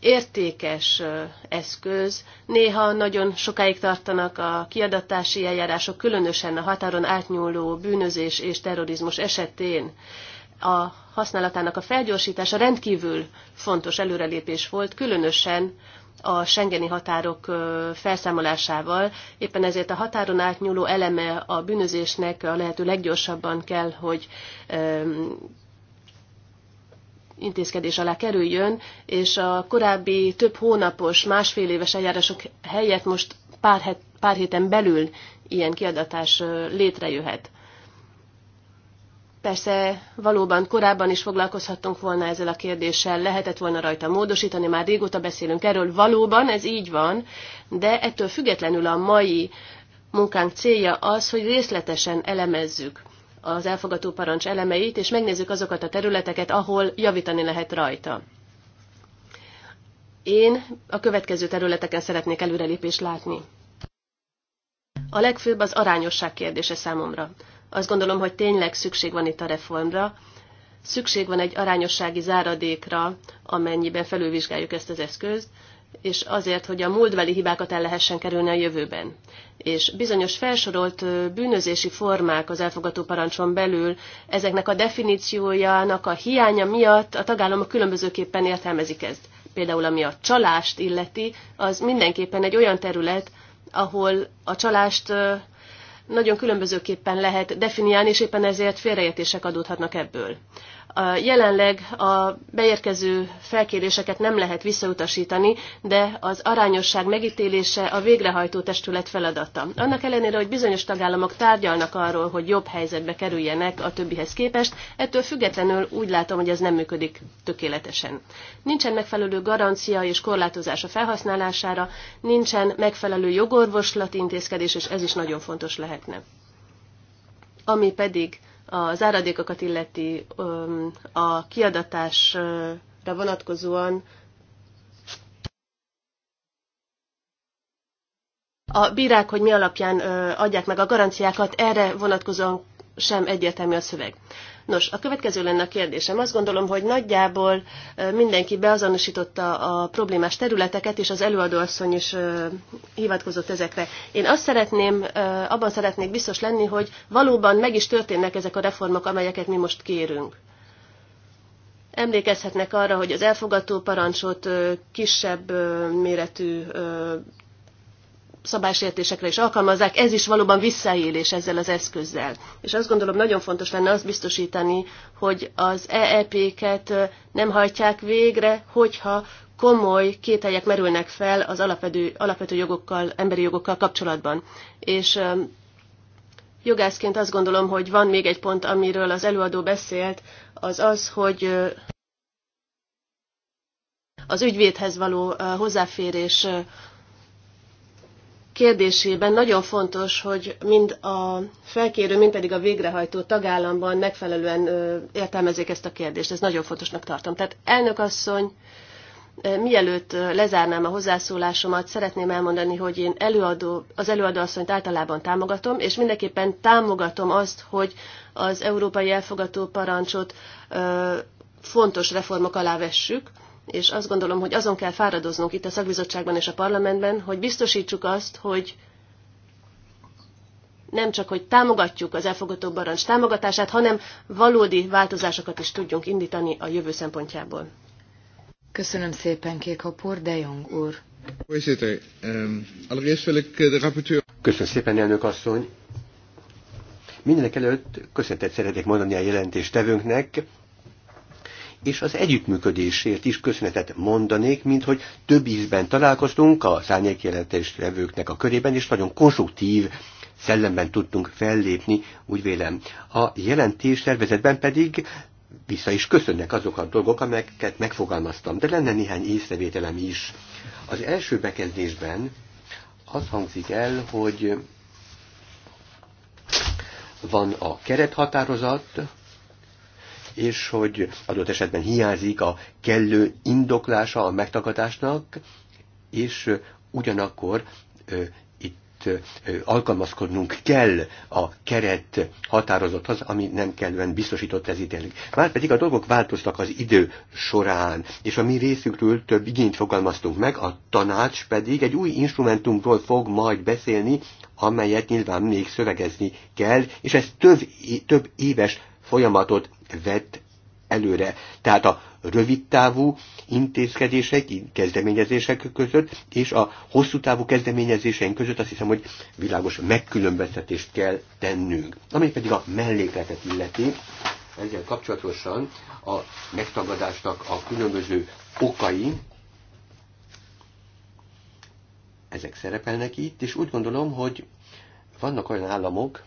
értékes eszköz. Néha nagyon sokáig tartanak a kiadatási eljárások, különösen a határon átnyúló bűnözés és terrorizmus esetén. A használatának a felgyorsítása rendkívül fontos előrelépés volt, különösen a Schengeni határok felszámolásával. Éppen ezért a határon átnyúló eleme a bűnözésnek a lehető leggyorsabban kell, hogy intézkedés alá kerüljön, és a korábbi több hónapos, másfél éves eljárások helyett most pár, het, pár héten belül ilyen kiadatás létrejöhet. Persze valóban korábban is foglalkozhattunk volna ezzel a kérdéssel, lehetett volna rajta módosítani, már régóta beszélünk erről, valóban ez így van, de ettől függetlenül a mai munkánk célja az, hogy részletesen elemezzük az elfogató parancs elemeit, és megnézzük azokat a területeket, ahol javítani lehet rajta. Én a következő területeken szeretnék előrelépést látni. A legfőbb az arányosság kérdése számomra. Azt gondolom, hogy tényleg szükség van itt a reformra, szükség van egy arányossági záradékra, amennyiben felülvizsgáljuk ezt az eszközt, és azért, hogy a múltbeli hibákat el lehessen kerülni a jövőben. És bizonyos felsorolt bűnözési formák az elfogató parancson belül, ezeknek a definíciójának a hiánya miatt a tagállamok különbözőképpen értelmezik ezt. Például ami a csalást illeti, az mindenképpen egy olyan terület, ahol a csalást nagyon különbözőképpen lehet definiálni, és éppen ezért félreértések adódhatnak ebből. Jelenleg a beérkező felkéréseket nem lehet visszautasítani, de az arányosság megítélése a végrehajtó testület feladata. Annak ellenére, hogy bizonyos tagállamok tárgyalnak arról, hogy jobb helyzetbe kerüljenek a többihez képest, ettől függetlenül úgy látom, hogy ez nem működik tökéletesen. Nincsen megfelelő garancia és korlátozás a felhasználására, nincsen megfelelő jogorvoslat intézkedés, és ez is nagyon fontos lehetne. Ami pedig az áradékokat illeti a kiadatásra vonatkozóan a bírák, hogy mi alapján adják meg a garanciákat, erre vonatkozóan sem egyértelmű a szöveg. Nos, a következő lenne a kérdésem. Azt gondolom, hogy nagyjából mindenki beazonosította a problémás területeket, és az előadóasszony is hivatkozott ezekre. Én azt szeretném, abban szeretnék biztos lenni, hogy valóban meg is történnek ezek a reformok, amelyeket mi most kérünk. Emlékezhetnek arra, hogy az elfogadó parancsot kisebb méretű szabálysértésekre is alkalmazzák, ez is valóban visszaélés ezzel az eszközzel. És azt gondolom nagyon fontos lenne azt biztosítani, hogy az EEP-ket nem hajtják végre, hogyha komoly kételyek merülnek fel az alapvető, alapvető jogokkal, emberi jogokkal kapcsolatban. És jogászként azt gondolom, hogy van még egy pont, amiről az előadó beszélt, az az, hogy az ügyvédhez való hozzáférés kérdésében nagyon fontos, hogy mind a felkérő, mind pedig a végrehajtó tagállamban megfelelően értelmezzék ezt a kérdést. Ez nagyon fontosnak tartom. Tehát elnök asszony, mielőtt lezárnám a hozzászólásomat, szeretném elmondani, hogy én előadó, az előadóasszonyt általában támogatom, és mindenképpen támogatom azt, hogy az európai elfogató parancsot fontos reformok alá vessük, és azt gondolom, hogy azon kell fáradoznunk itt a szakbizottságban és a parlamentben, hogy biztosítsuk azt, hogy nem csak, hogy támogatjuk az elfogadó barancs támogatását, hanem valódi változásokat is tudjunk indítani a jövő szempontjából. Köszönöm szépen, Kékhapor, de Jong úr. Ehm, eh, Köszönöm szépen, elnök asszony. Mindenek előtt köszöntet szeretnék mondani a jelentéstevőnknek, és az együttműködésért is köszönetet mondanék, mint hogy több ízben találkoztunk a szárnyékjelentés levőknek a körében, és nagyon konstruktív szellemben tudtunk fellépni, úgy vélem. A jelentés szervezetben pedig vissza is köszönnek azok a dolgok, amelyeket megfogalmaztam, de lenne néhány észrevételem is. Az első bekezdésben az hangzik el, hogy van a kerethatározat, és hogy adott esetben hiányzik a kellő indoklása a megtagadásnak, és ugyanakkor itt alkalmazkodnunk kell a keret határozathoz, ami nem kellően biztosított ez ítélünk. Márpedig a dolgok változtak az idő során, és a mi részükről több igényt fogalmaztunk meg, a tanács pedig egy új instrumentumról fog majd beszélni, amelyet nyilván még szövegezni kell, és ez több, több éves folyamatot vett előre. Tehát a rövidtávú intézkedések, kezdeményezések között és a hosszú távú kezdeményezéseink között azt hiszem, hogy világos megkülönböztetést kell tennünk. Ami pedig a mellékletet illeti, ezzel kapcsolatosan a megtagadásnak a különböző okai, ezek szerepelnek itt, és úgy gondolom, hogy vannak olyan államok,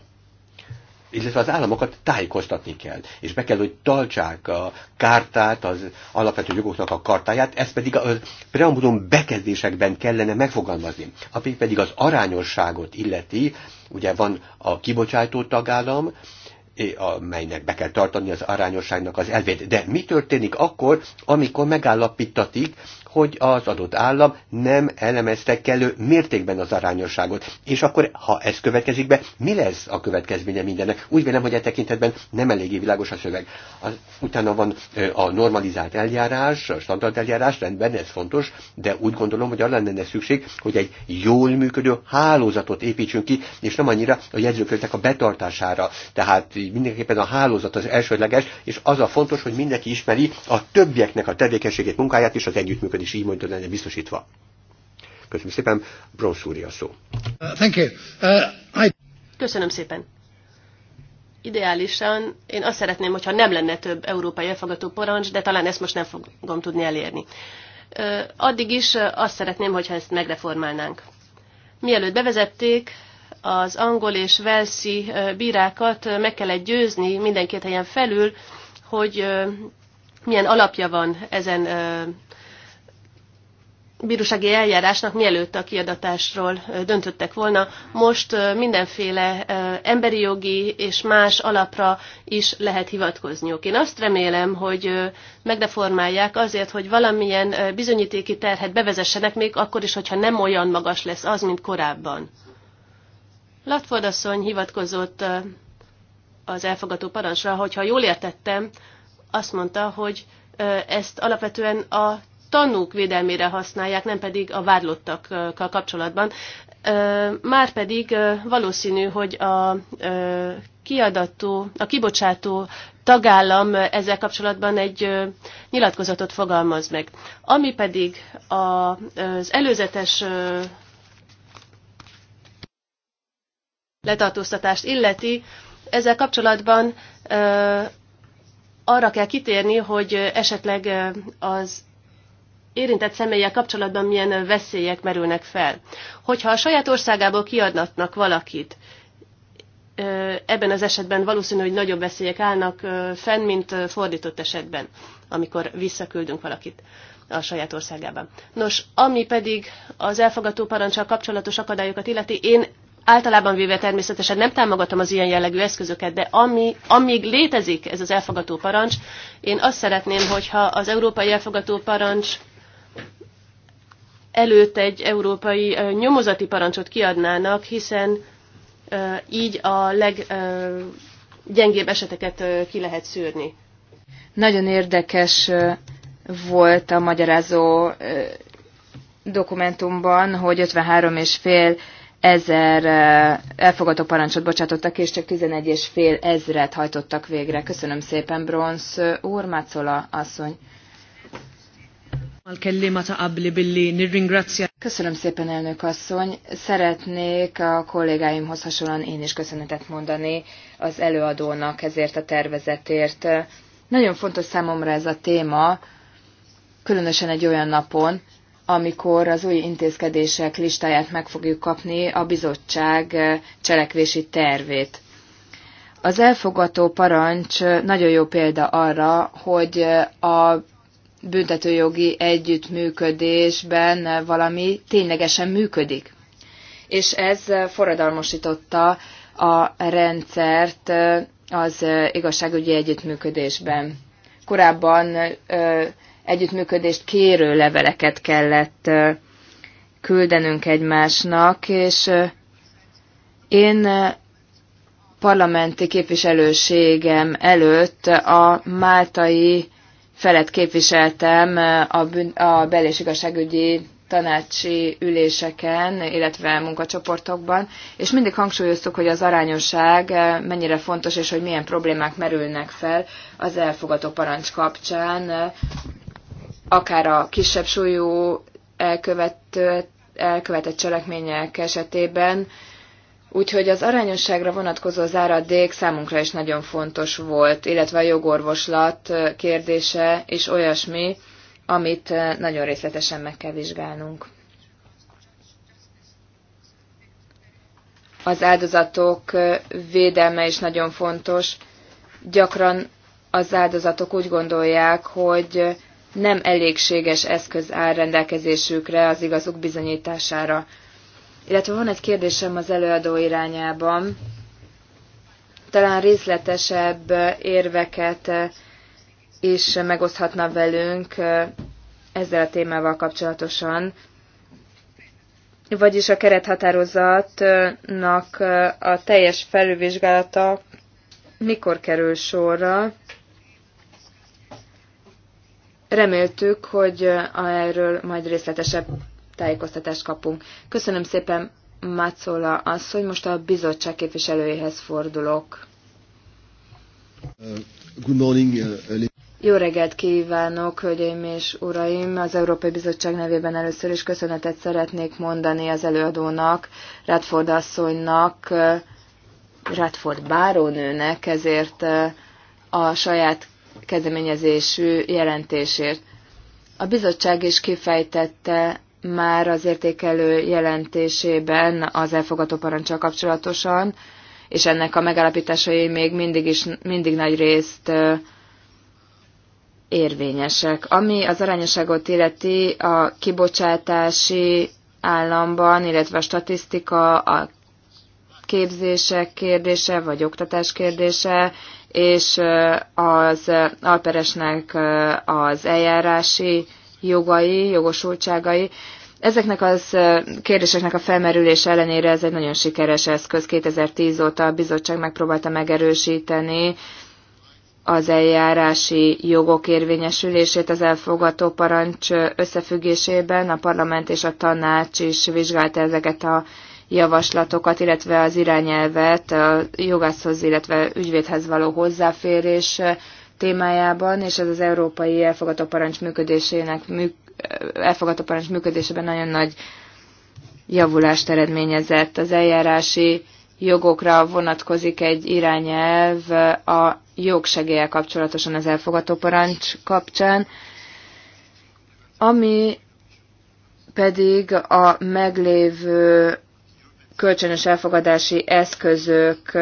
illetve az államokat tájékoztatni kell, és be kell, hogy tartsák a kártát, az alapvető jogoknak a kartáját, ezt pedig a preambulum bekezdésekben kellene megfogalmazni. Ami pedig az arányosságot illeti, ugye van a kibocsátó tagállam, amelynek be kell tartani az arányosságnak az elvét. De mi történik akkor, amikor megállapítatik, hogy az adott állam nem elemezte kellő mértékben az arányosságot. És akkor, ha ez következik be, mi lesz a következménye mindennek? Úgy vélem, hogy e tekintetben nem eléggé világos a szöveg. Az, utána van a normalizált eljárás, a standard eljárás, rendben, ez fontos, de úgy gondolom, hogy arra lenne szükség, hogy egy jól működő hálózatot építsünk ki, és nem annyira a jegyzőkönyvnek a betartására. Tehát mindenképpen a hálózat az elsődleges, és az a fontos, hogy mindenki ismeri a többieknek a tevékenységét, munkáját, és az együttműködés így mondjuk lenne biztosítva. Köszönöm szépen, Bronszúri a szó. Uh, thank you. Uh, I... Köszönöm szépen. Ideálisan én azt szeretném, hogyha nem lenne több európai elfogadó parancs, de talán ezt most nem fogom tudni elérni. Uh, addig is uh, azt szeretném, hogyha ezt megreformálnánk. Mielőtt bevezették, az angol és velszi bírákat meg kellett győzni mindenkét helyen felül, hogy milyen alapja van ezen bírósági eljárásnak, mielőtt a kiadatásról döntöttek volna. Most mindenféle emberi jogi és más alapra is lehet hivatkozniuk. Én azt remélem, hogy megdeformálják azért, hogy valamilyen bizonyítéki terhet bevezessenek, még akkor is, hogyha nem olyan magas lesz az, mint korábban. Latford asszony hivatkozott az elfogadó parancsra, hogyha jól értettem, azt mondta, hogy ezt alapvetően a tanúk védelmére használják, nem pedig a vádlottakkal kapcsolatban. Márpedig valószínű, hogy a kiadató, a kibocsátó tagállam ezzel kapcsolatban egy nyilatkozatot fogalmaz meg. Ami pedig az előzetes letartóztatást illeti, ezzel kapcsolatban arra kell kitérni, hogy esetleg az érintett személlyel kapcsolatban milyen veszélyek merülnek fel. Hogyha a saját országából kiadnatnak valakit, ebben az esetben valószínű, hogy nagyobb veszélyek állnak fenn, mint fordított esetben, amikor visszaküldünk valakit a saját országában. Nos, ami pedig az elfogadó parancsal kapcsolatos akadályokat illeti, én általában véve természetesen nem támogatom az ilyen jellegű eszközöket, de ami, amíg létezik ez az elfogató parancs, én azt szeretném, hogyha az európai elfogató parancs előtt egy európai nyomozati parancsot kiadnának, hiszen így a leggyengébb eseteket ki lehet szűrni. Nagyon érdekes volt a magyarázó dokumentumban, hogy 53 és fél ezer elfogadó parancsot bocsátottak, és csak 11 és fél ezret hajtottak végre. Köszönöm szépen, Bronz úr, Mácola asszony. Köszönöm szépen, elnök asszony. Szeretnék a kollégáimhoz hasonlóan én is köszönetet mondani az előadónak ezért a tervezetért. Nagyon fontos számomra ez a téma, különösen egy olyan napon, amikor az új intézkedések listáját meg fogjuk kapni, a bizottság eh, cselekvési tervét. Az elfogató parancs eh, nagyon jó példa arra, hogy eh, a büntetőjogi együttműködésben valami ténylegesen működik. És ez forradalmosította a rendszert az igazságügyi együttműködésben. Korábban együttműködést kérő leveleket kellett küldenünk egymásnak, és én parlamenti képviselőségem előtt a máltai felett képviseltem a, bűn, a bel- és igazságügyi tanácsi üléseken, illetve munkacsoportokban, és mindig hangsúlyoztuk, hogy az arányosság mennyire fontos, és hogy milyen problémák merülnek fel az elfogadó parancs kapcsán, akár a kisebb súlyú elkövetett, elkövetett cselekmények esetében, Úgyhogy az arányosságra vonatkozó záradék számunkra is nagyon fontos volt, illetve a jogorvoslat kérdése és olyasmi, amit nagyon részletesen meg kell vizsgálnunk. Az áldozatok védelme is nagyon fontos. Gyakran az áldozatok úgy gondolják, hogy nem elégséges eszköz áll rendelkezésükre az igazuk bizonyítására. Illetve van egy kérdésem az előadó irányában. Talán részletesebb érveket eh, is megoszthatna velünk eh, ezzel a témával kapcsolatosan. Vagyis a kerethatározatnak eh, a teljes felülvizsgálata mikor kerül sorra, reméltük, hogy erről majd részletesebb tájékoztatást kapunk. Köszönöm szépen Mácola Azt hogy most a bizottság képviselőjéhez fordulok. Good morning, uh, jó reggelt kívánok, hölgyeim és uraim! Az Európai Bizottság nevében először is köszönetet szeretnék mondani az előadónak, Radford asszonynak, Radford bárónőnek ezért a saját kezdeményezésű jelentésért. A bizottság is kifejtette már az értékelő jelentésében az elfogadó parancsal kapcsolatosan, és ennek a megállapításai még mindig, is, mindig nagy részt érvényesek. Ami az arányosságot illeti a kibocsátási államban, illetve a statisztika, a képzések kérdése, vagy oktatás kérdése, és az alperesnek az eljárási jogai, jogosultságai. Ezeknek az kérdéseknek a felmerülése ellenére ez egy nagyon sikeres eszköz. 2010 óta a bizottság megpróbálta megerősíteni az eljárási jogok érvényesülését az elfogató parancs összefüggésében. A parlament és a tanács is vizsgálta ezeket a javaslatokat, illetve az irányelvet a jogászhoz, illetve ügyvédhez való hozzáférés témájában, és ez az európai elfogadó parancs működésének, műk, elfogadó parancs működésében nagyon nagy javulást eredményezett. Az eljárási jogokra vonatkozik egy irányelv a jogsegélye kapcsolatosan az elfogadó parancs kapcsán, ami pedig a meglévő kölcsönös elfogadási eszközök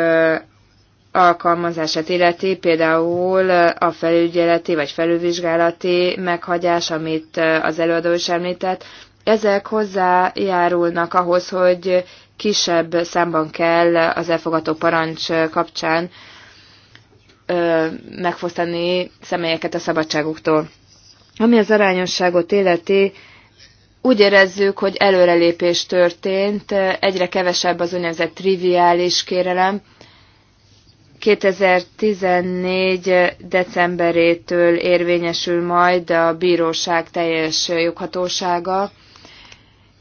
alkalmazását illeti, például a felügyeleti vagy felülvizsgálati meghagyás, amit az előadó is említett, ezek hozzájárulnak ahhoz, hogy kisebb számban kell az elfogadó parancs kapcsán megfosztani személyeket a szabadságuktól. Ami az arányosságot illeti, úgy érezzük, hogy előrelépés történt, egyre kevesebb az úgynevezett triviális kérelem. 2014. decemberétől érvényesül majd a bíróság teljes joghatósága,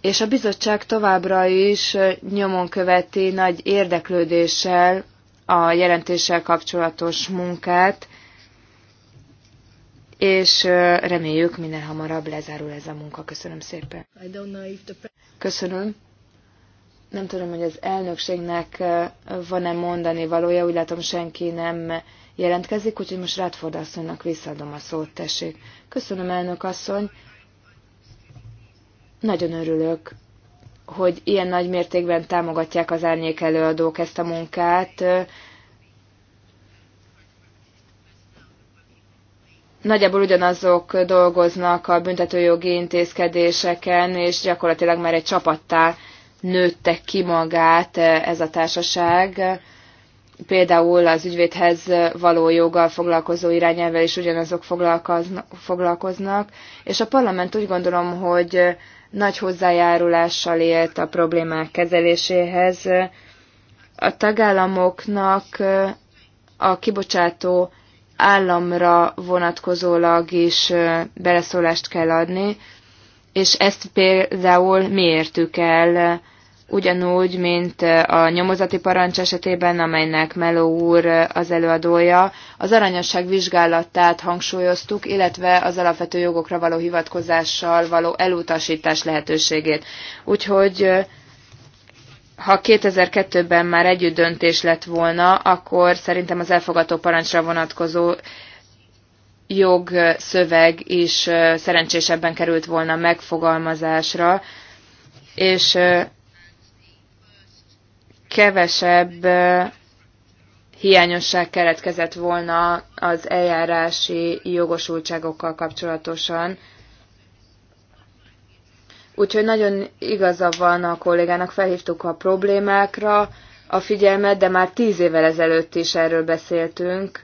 és a bizottság továbbra is nyomon követi nagy érdeklődéssel a jelentéssel kapcsolatos munkát, és reméljük minél hamarabb lezárul ez a munka. Köszönöm szépen. Köszönöm. Nem tudom, hogy az elnökségnek van-e mondani valója, úgy látom senki nem jelentkezik, úgyhogy most Rátford asszonynak visszaadom a szót, tessék. Köszönöm, elnök asszony. Nagyon örülök, hogy ilyen nagy mértékben támogatják az árnyék előadók ezt a munkát. nagyjából ugyanazok dolgoznak a büntetőjogi intézkedéseken, és gyakorlatilag már egy csapattá nőtte ki magát eh, ez a társaság. Például az ügyvédhez való joggal foglalkozó irányelvel is ugyanazok foglalkoznak, és a parlament úgy gondolom, hogy eh, nagy hozzájárulással élt a problémák kezeléséhez. A tagállamoknak eh, a kibocsátó államra vonatkozólag is beleszólást kell adni, és ezt például mi értük el, ugyanúgy, mint a nyomozati parancs esetében, amelynek Meló úr az előadója, az aranyosság vizsgálatát hangsúlyoztuk, illetve az alapvető jogokra való hivatkozással való elutasítás lehetőségét. Úgyhogy ha 2002-ben már együtt döntés lett volna, akkor szerintem az elfogadó parancsra vonatkozó jogszöveg is szerencsésebben került volna megfogalmazásra, és kevesebb hiányosság keretkezett volna az eljárási jogosultságokkal kapcsolatosan, Úgyhogy nagyon igaza van a kollégának, felhívtuk a problémákra a figyelmet, de már tíz évvel ezelőtt is erről beszéltünk.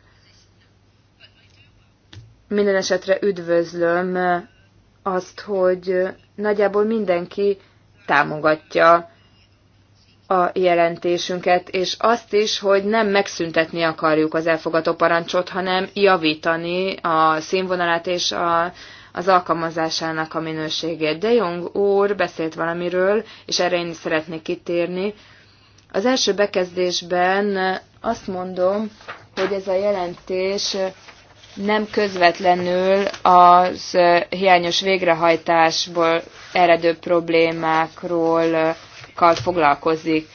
Minden esetre üdvözlöm azt, hogy nagyjából mindenki támogatja a jelentésünket, és azt is, hogy nem megszüntetni akarjuk az elfogadó parancsot, hanem javítani a színvonalát és a az alkalmazásának a minőségét. De Jong úr beszélt valamiről, és erre én is szeretnék kitérni. Az első bekezdésben azt mondom, hogy ez a jelentés nem közvetlenül az hiányos végrehajtásból eredő problémákról foglalkozik.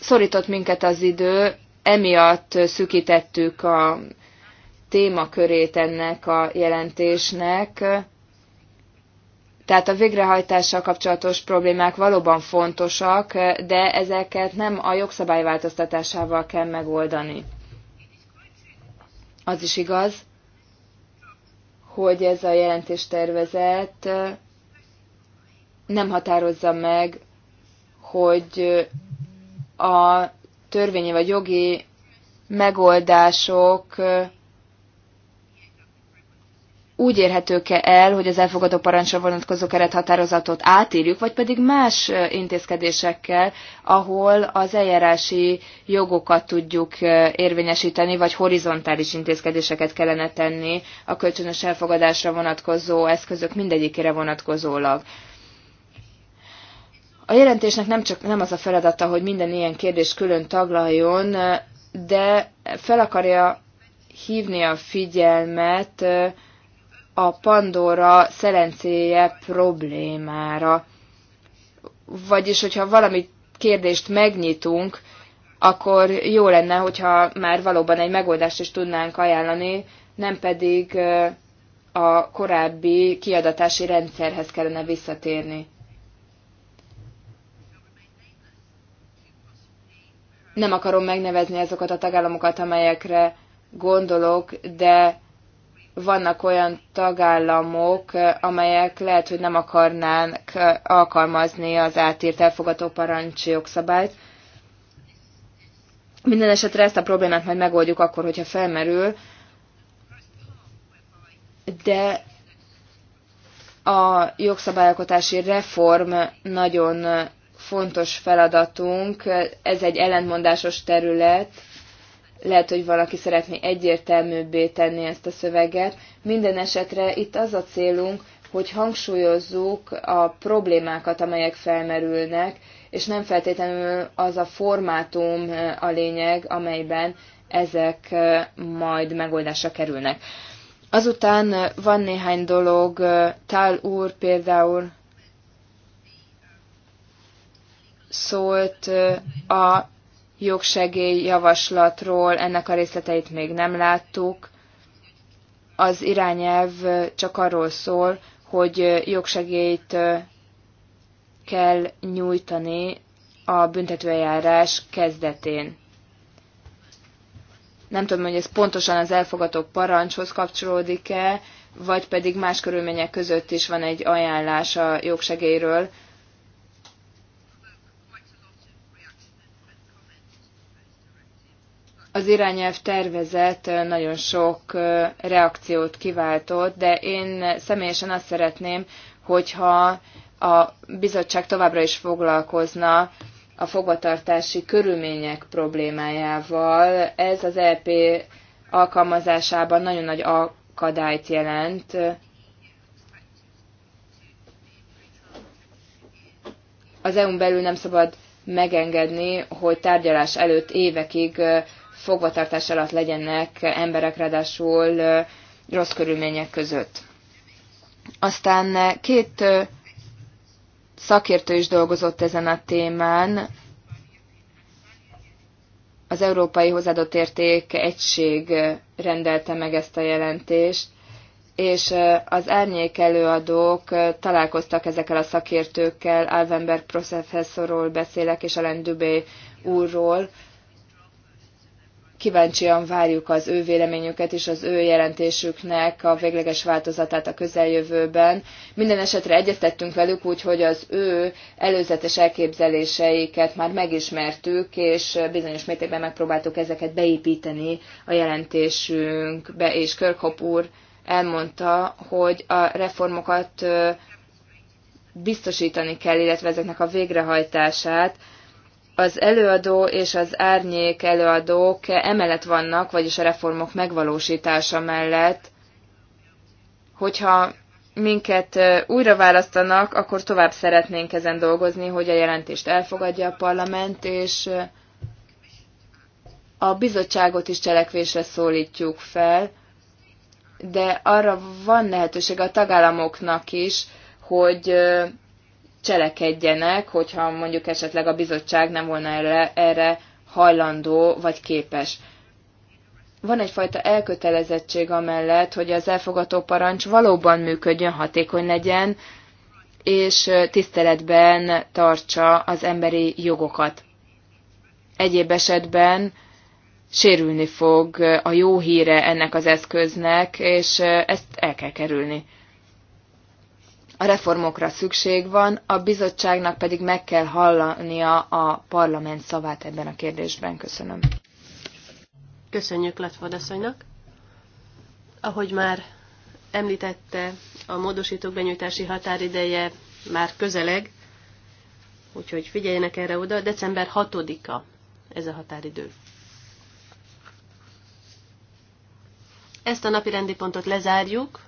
Szorított minket az idő, emiatt szükítettük a témakörét ennek a jelentésnek. Tehát a végrehajtással kapcsolatos problémák valóban fontosak, de ezeket nem a jogszabály változtatásával kell megoldani. Az is igaz, hogy ez a jelentéstervezet nem határozza meg, hogy a törvényi vagy jogi megoldások úgy érhetők -e el, hogy az elfogadó parancsra vonatkozó kerethatározatot átírjuk, vagy pedig más intézkedésekkel, ahol az eljárási jogokat tudjuk érvényesíteni, vagy horizontális intézkedéseket kellene tenni a kölcsönös elfogadásra vonatkozó eszközök mindegyikére vonatkozólag. A jelentésnek nem csak nem az a feladata, hogy minden ilyen kérdés külön taglaljon, de fel akarja hívni a figyelmet, a Pandora szerencéje problémára. Vagyis, hogyha valami kérdést megnyitunk, akkor jó lenne, hogyha már valóban egy megoldást is tudnánk ajánlani, nem pedig a korábbi kiadatási rendszerhez kellene visszatérni. Nem akarom megnevezni azokat a tagállamokat, amelyekre gondolok, de vannak olyan tagállamok, amelyek lehet, hogy nem akarnának alkalmazni az átírt elfogató parancsi jogszabályt. Minden esetre ezt a problémát majd megoldjuk akkor, hogyha felmerül, de a jogszabályalkotási reform nagyon fontos feladatunk, ez egy ellentmondásos terület, lehet, hogy valaki szeretné egyértelműbbé tenni ezt a szöveget. Minden esetre itt az a célunk, hogy hangsúlyozzuk a problémákat, amelyek felmerülnek, és nem feltétlenül az a formátum eh, a lényeg, amelyben ezek eh, majd megoldásra kerülnek. Azután eh, van néhány dolog, Tál úr például szólt a jogsegélyjavaslatról, ennek a részleteit még nem láttuk. Az irányelv csak arról szól, hogy jogsegélyt kell nyújtani a büntetőeljárás kezdetén. Nem tudom, hogy ez pontosan az elfogadó parancshoz kapcsolódik-e, vagy pedig más körülmények között is van egy ajánlás a jogsegélyről, Az irányelv tervezet nagyon sok reakciót kiváltott, de én személyesen azt szeretném, hogyha a bizottság továbbra is foglalkozna a fogvatartási körülmények problémájával. Ez az EP alkalmazásában nagyon nagy akadályt jelent. Az EU-n belül nem szabad megengedni, hogy tárgyalás előtt évekig fogvatartás alatt legyenek emberek, ráadásul rossz körülmények között. Aztán két szakértő is dolgozott ezen a témán, az Európai Hozzáadott Érték Egység rendelte meg ezt a jelentést, és az árnyék előadók találkoztak ezekkel a szakértőkkel, Alvenberg professzorról beszélek, és Alain Dubé úrról, kíváncsian várjuk az ő véleményüket és az ő jelentésüknek a végleges változatát a közeljövőben. Minden esetre egyeztettünk velük úgy, hogy az ő előzetes elképzeléseiket már megismertük, és bizonyos mértékben megpróbáltuk ezeket beépíteni a jelentésünkbe, és Körkhop úr elmondta, hogy a reformokat biztosítani kell, illetve ezeknek a végrehajtását, az előadó és az árnyék előadók emellett vannak, vagyis a reformok megvalósítása mellett, hogyha minket újra választanak, akkor tovább szeretnénk ezen dolgozni, hogy a jelentést elfogadja a parlament, és a bizottságot is cselekvésre szólítjuk fel, de arra van lehetőség a tagállamoknak is, hogy cselekedjenek, hogyha mondjuk esetleg a bizottság nem volna erre, erre hajlandó vagy képes. Van egyfajta elkötelezettség amellett, hogy az elfogató parancs valóban működjön, hatékony legyen, és tiszteletben tartsa az emberi jogokat. Egyéb esetben sérülni fog a jó híre ennek az eszköznek, és ezt el kell kerülni a reformokra szükség van, a bizottságnak pedig meg kell hallania a parlament szavát ebben a kérdésben. Köszönöm. Köszönjük Latvad Ahogy már említette, a módosítók benyújtási határideje már közeleg, úgyhogy figyeljenek erre oda. December 6-a ez a határidő. Ezt a napi rendi pontot lezárjuk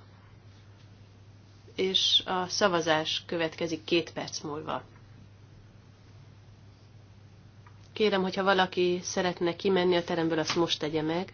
és a szavazás következik két perc múlva. Kérem, hogyha valaki szeretne kimenni a teremből, azt most tegye meg.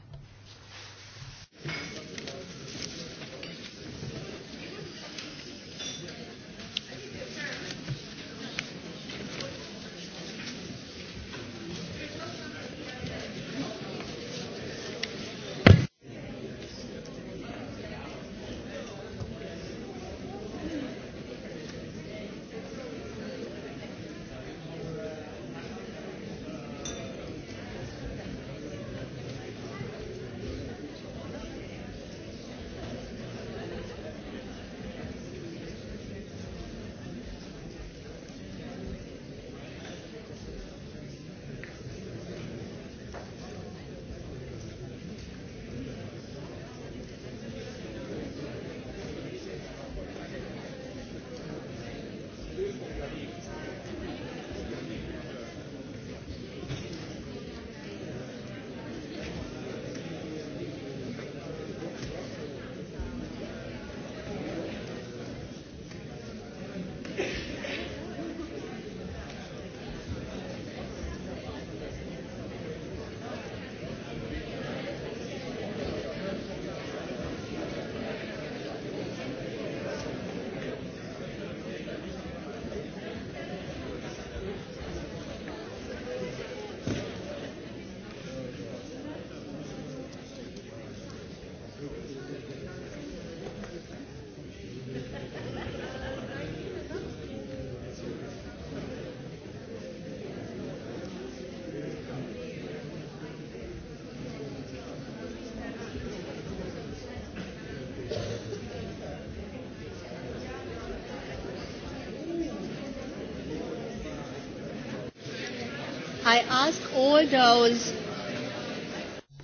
I ask all those...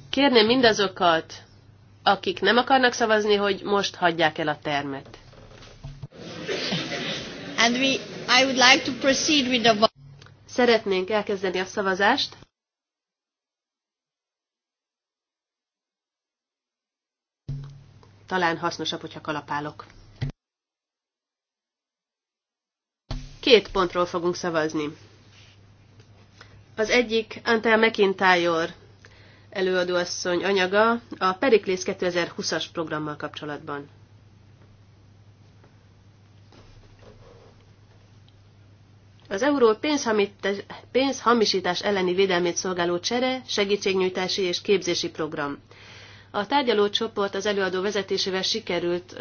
Kérném mindazokat, akik nem akarnak szavazni, hogy most hagyják el a termet. And we, I would like to proceed with the... Szeretnénk elkezdeni a szavazást. Talán hasznosabb, hogyha kalapálok. Két pontról fogunk szavazni. Az egyik Antel McIntyre előadóasszony anyaga a Periklész 2020-as programmal kapcsolatban. Az euró pénzhamisítás elleni védelmét szolgáló csere, segítségnyújtási és képzési program. A tárgyaló csoport az előadó vezetésével sikerült,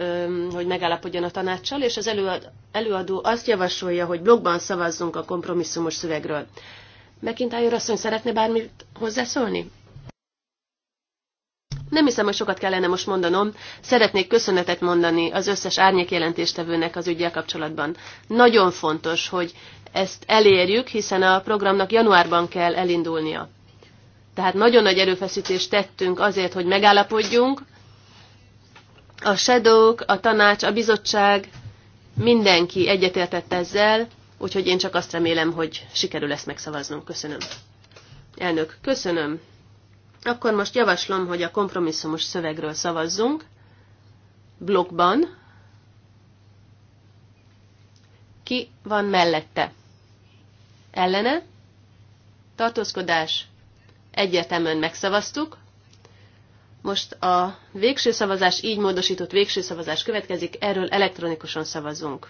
hogy megállapodjon a tanácssal, és az előadó azt javasolja, hogy blogban szavazzunk a kompromisszumos szövegről. McIntyre asszony szeretne bármit hozzászólni? Nem hiszem, hogy sokat kellene most mondanom. Szeretnék köszönetet mondani az összes árnyékjelentéstevőnek az ügyel kapcsolatban. Nagyon fontos, hogy ezt elérjük, hiszen a programnak januárban kell elindulnia. Tehát nagyon nagy erőfeszítést tettünk azért, hogy megállapodjunk. A shadow a tanács, a bizottság, mindenki egyetértett ezzel, Úgyhogy én csak azt remélem, hogy sikerül ezt megszavaznom. Köszönöm. Elnök, köszönöm. Akkor most javaslom, hogy a kompromisszumos szövegről szavazzunk. Blokkban. Ki van mellette? Ellene? Tartózkodás? Egyértelműen megszavaztuk. Most a végső szavazás, így módosított végső szavazás következik, erről elektronikusan szavazunk.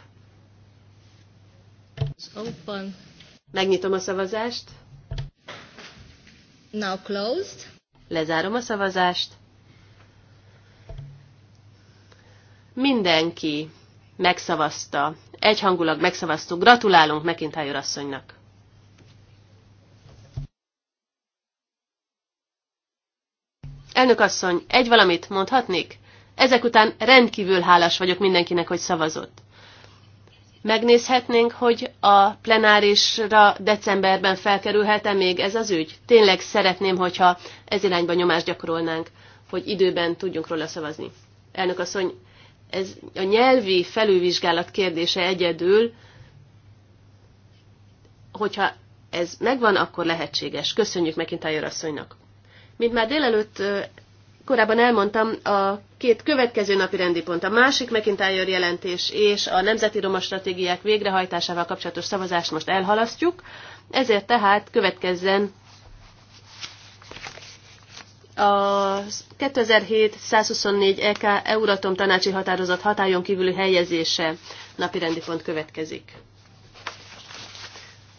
Open. Megnyitom a szavazást. Now closed. Lezárom a szavazást. Mindenki megszavazta. Egyhangulag megszavaztuk. Gratulálunk McIntyre asszonynak. Elnök asszony, egy valamit mondhatnék? Ezek után rendkívül hálás vagyok mindenkinek, hogy szavazott. Megnézhetnénk, hogy a plenárisra decemberben felkerülhet-e még ez az ügy? Tényleg szeretném, hogyha ez irányba nyomást gyakorolnánk, hogy időben tudjunk róla szavazni. Elnök asszony, ez a nyelvi felülvizsgálat kérdése egyedül, hogyha ez megvan, akkor lehetséges. Köszönjük a asszonynak. Mint már délelőtt korábban elmondtam, a két következő napi rendi pont, a másik McIntyre jelentés és a nemzeti roma stratégiák végrehajtásával kapcsolatos szavazást most elhalasztjuk, ezért tehát következzen a 2007-124 EK Euratom tanácsi határozat hatályon kívüli helyezése napirendi pont következik.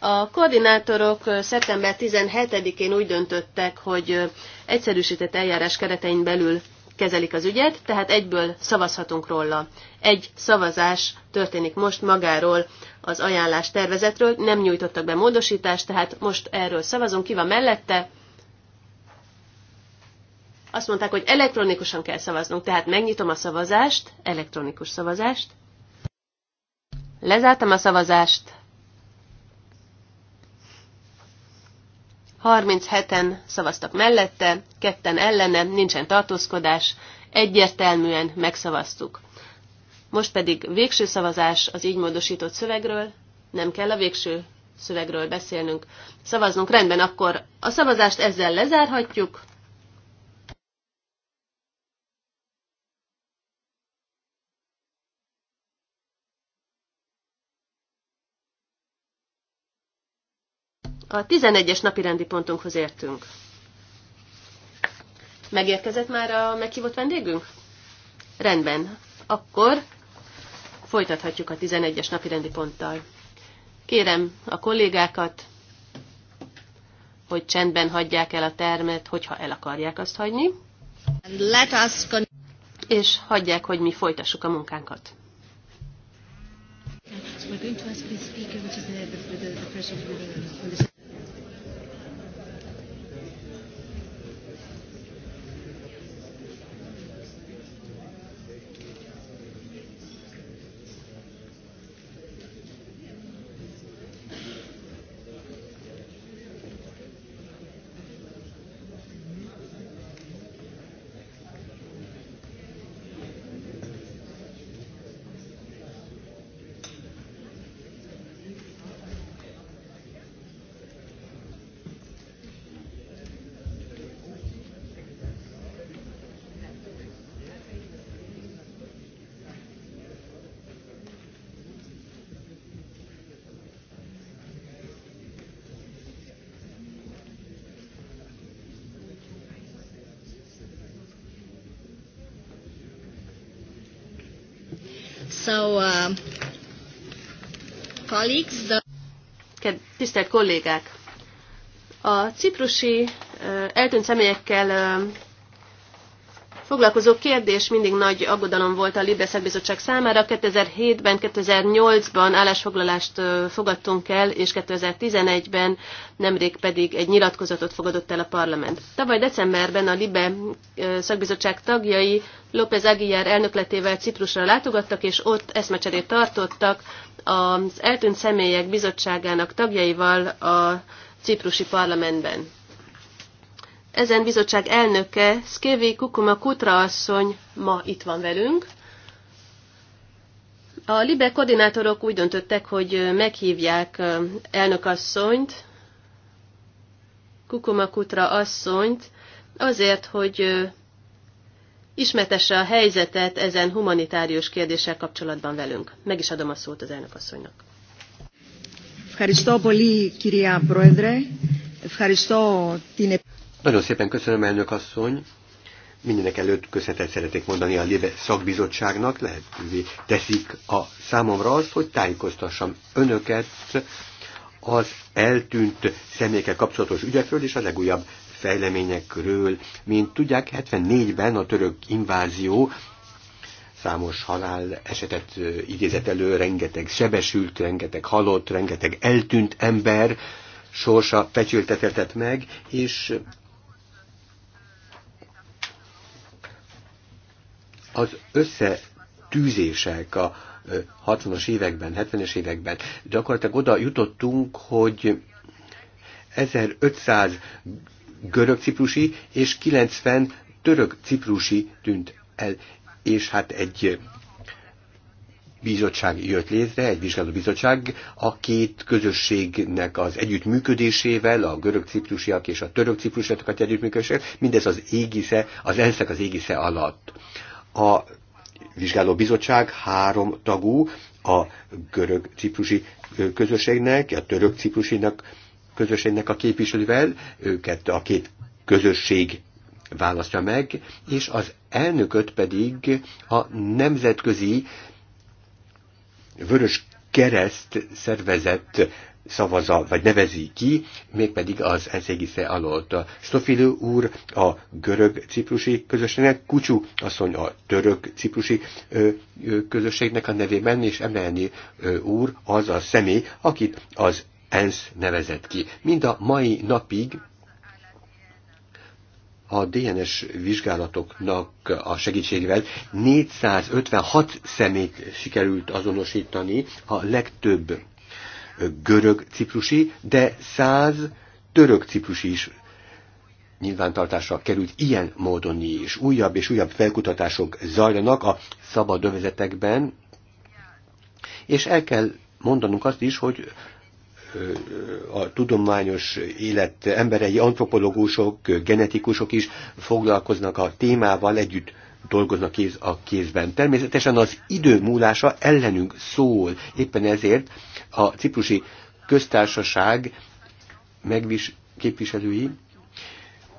A koordinátorok szeptember 17-én úgy döntöttek, hogy egyszerűsített eljárás keretein belül kezelik az ügyet, tehát egyből szavazhatunk róla. Egy szavazás történik most magáról az ajánlás tervezetről, nem nyújtottak be módosítást, tehát most erről szavazunk, ki van mellette. Azt mondták, hogy elektronikusan kell szavaznunk, tehát megnyitom a szavazást, elektronikus szavazást. Lezártam a szavazást. 37-en szavaztak mellette, ketten ellene, nincsen tartózkodás, egyértelműen megszavaztuk. Most pedig végső szavazás az így módosított szövegről, nem kell a végső szövegről beszélnünk, szavaznunk rendben, akkor a szavazást ezzel lezárhatjuk. A 11-es napi rendi pontunkhoz értünk. Megérkezett már a meghívott vendégünk? Rendben. Akkor folytathatjuk a 11-es napi rendi ponttal. Kérem a kollégákat, hogy csendben hagyják el a termet, hogyha el akarják azt hagyni. és hagyják, hogy mi folytassuk a munkánkat. So we're going to ask the speaker, which is the, the, the, the colleagues, the... Tisztelt kollégák! A ciprusi eltűnt személyekkel foglalkozó kérdés mindig nagy aggodalom volt a Libe Szakbizottság számára. 2007-ben, 2008-ban állásfoglalást fogadtunk el, és 2011-ben nemrég pedig egy nyilatkozatot fogadott el a parlament. Tavaly decemberben a Libe Szakbizottság tagjai López Aguilar elnökletével Ciprusra látogattak, és ott eszmecserét tartottak az eltűnt személyek bizottságának tagjaival a ciprusi parlamentben. Ezen bizottság elnöke, Szkévi Kukuma Kutra asszony ma itt van velünk. A LIBE koordinátorok úgy döntöttek, hogy meghívják elnökasszonyt, Kukuma Kutra asszonyt, azért, hogy ismertesse a helyzetet ezen humanitárius kérdéssel kapcsolatban velünk. Meg is adom a szót az elnök asszonynak. Nagyon szépen köszönöm, elnök asszony. Mindenek előtt köszönetet szeretnék mondani a Lébe szakbizottságnak, lehetővé teszik a számomra azt, hogy tájékoztassam önöket az eltűnt személyekkel kapcsolatos ügyekről és a legújabb körül, Mint tudják, 74-ben a török invázió számos halál esetet idézett elő, rengeteg sebesült, rengeteg halott, rengeteg eltűnt ember sorsa fecsültetetett meg, és az összetűzések a 60-as években, 70-es években gyakorlatilag oda jutottunk, hogy 1500 görög-ciprusi és 90 török-ciprusi tűnt el, és hát egy bizottság jött létre, egy vizsgálóbizottság a két közösségnek az együttműködésével, a görög-ciprusiak és a török ciprusiak együttműködésével, mindez az égisze, az enszek az égisze alatt. A vizsgálóbizottság három tagú, a görög-ciprusi közösségnek, a török-ciprusinak közösségnek a képviselővel, őket a két közösség választja meg, és az elnököt pedig a nemzetközi vörös kereszt szervezet szavaza, vagy nevezi ki, mégpedig az enszégisze alatt. Stofilő úr a görög-ciprusi közösségnek, Kucsu asszony a török-ciprusi közösségnek a nevében, és Emelni úr az a személy, akit az ENSZ nevezett ki. Mind a mai napig a DNS vizsgálatoknak a segítségével 456 szemét sikerült azonosítani, a legtöbb görög-ciprusi, de 100 török-ciprusi is nyilvántartásra került ilyen módon is. Újabb és újabb felkutatások zajlanak a szabad övezetekben, és el kell mondanunk azt is, hogy a tudományos élet emberei, antropológusok, genetikusok is foglalkoznak a témával együtt dolgoznak kéz a kézben. Természetesen az idő múlása ellenünk szól. Éppen ezért a ciprusi köztársaság megvis képviselői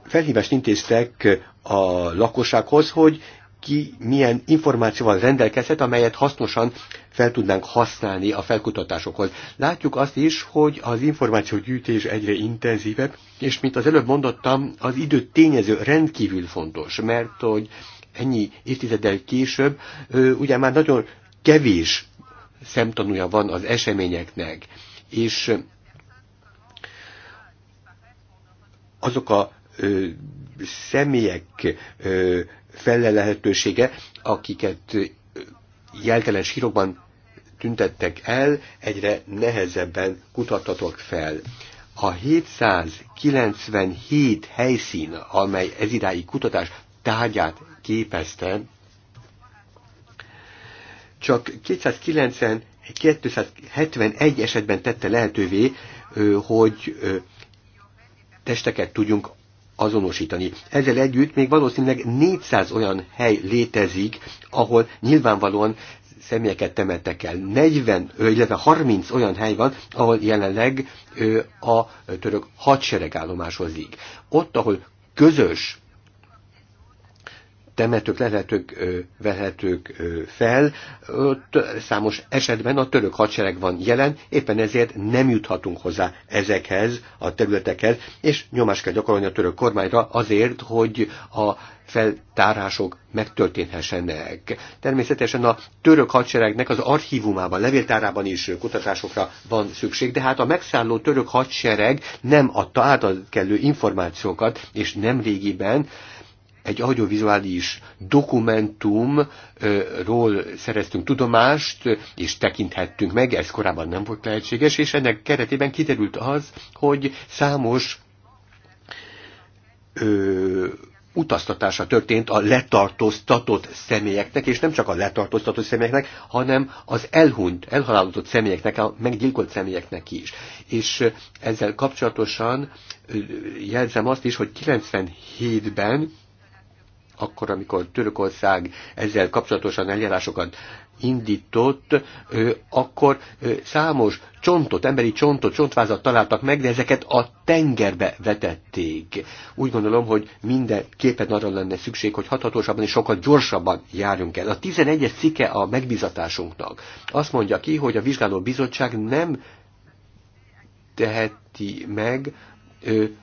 felhívást intéztek a lakossághoz, hogy ki milyen információval rendelkezhet, amelyet hasznosan fel tudnánk használni a felkutatásokhoz. Látjuk azt is, hogy az információgyűjtés egyre intenzívebb, és mint az előbb mondottam, az idő tényező rendkívül fontos, mert hogy ennyi évtizeddel később ugye már nagyon kevés szemtanúja van az eseményeknek, és azok a ö, személyek, ö, felelhetősége, akiket jeltelen sírokban tüntettek el, egyre nehezebben kutathatok fel. A 797 helyszín, amely ez idáig kutatás tárgyát képezte, csak 290, 271 esetben tette lehetővé, hogy testeket tudjunk azonosítani. Ezzel együtt még valószínűleg 400 olyan hely létezik, ahol nyilvánvalóan személyeket temettek el. 40, illetve 30 olyan hely van, ahol jelenleg a török hadsereg állomásozik. Ott, ahol közös temetők lehetők, vehetők fel, ott számos esetben a török hadsereg van jelen, éppen ezért nem juthatunk hozzá ezekhez a területekhez, és nyomást kell gyakorolni a török kormányra azért, hogy a feltárások megtörténhessenek. Természetesen a török hadseregnek az archívumában, levéltárában is kutatásokra van szükség, de hát a megszálló török hadsereg nem adta át a kellő információkat, és nem régiben egy audiovizuális dokumentumról szereztünk tudomást, és tekinthettünk meg, ez korábban nem volt lehetséges, és ennek keretében kiderült az, hogy számos ö, utaztatása történt a letartóztatott személyeknek, és nem csak a letartóztatott személyeknek, hanem az elhunyt, elhalálozott személyeknek, a meggyilkolt személyeknek is. És ezzel kapcsolatosan jelzem azt is, hogy 97-ben akkor, amikor Törökország ezzel kapcsolatosan eljárásokat indított, akkor számos csontot, emberi csontot, csontvázat találtak meg, de ezeket a tengerbe vetették. Úgy gondolom, hogy mindenképpen arra lenne szükség, hogy hathatósabban és sokkal gyorsabban járjunk el. A 11-es cikke a megbizatásunknak. Azt mondja ki, hogy a vizsgáló bizottság nem teheti meg,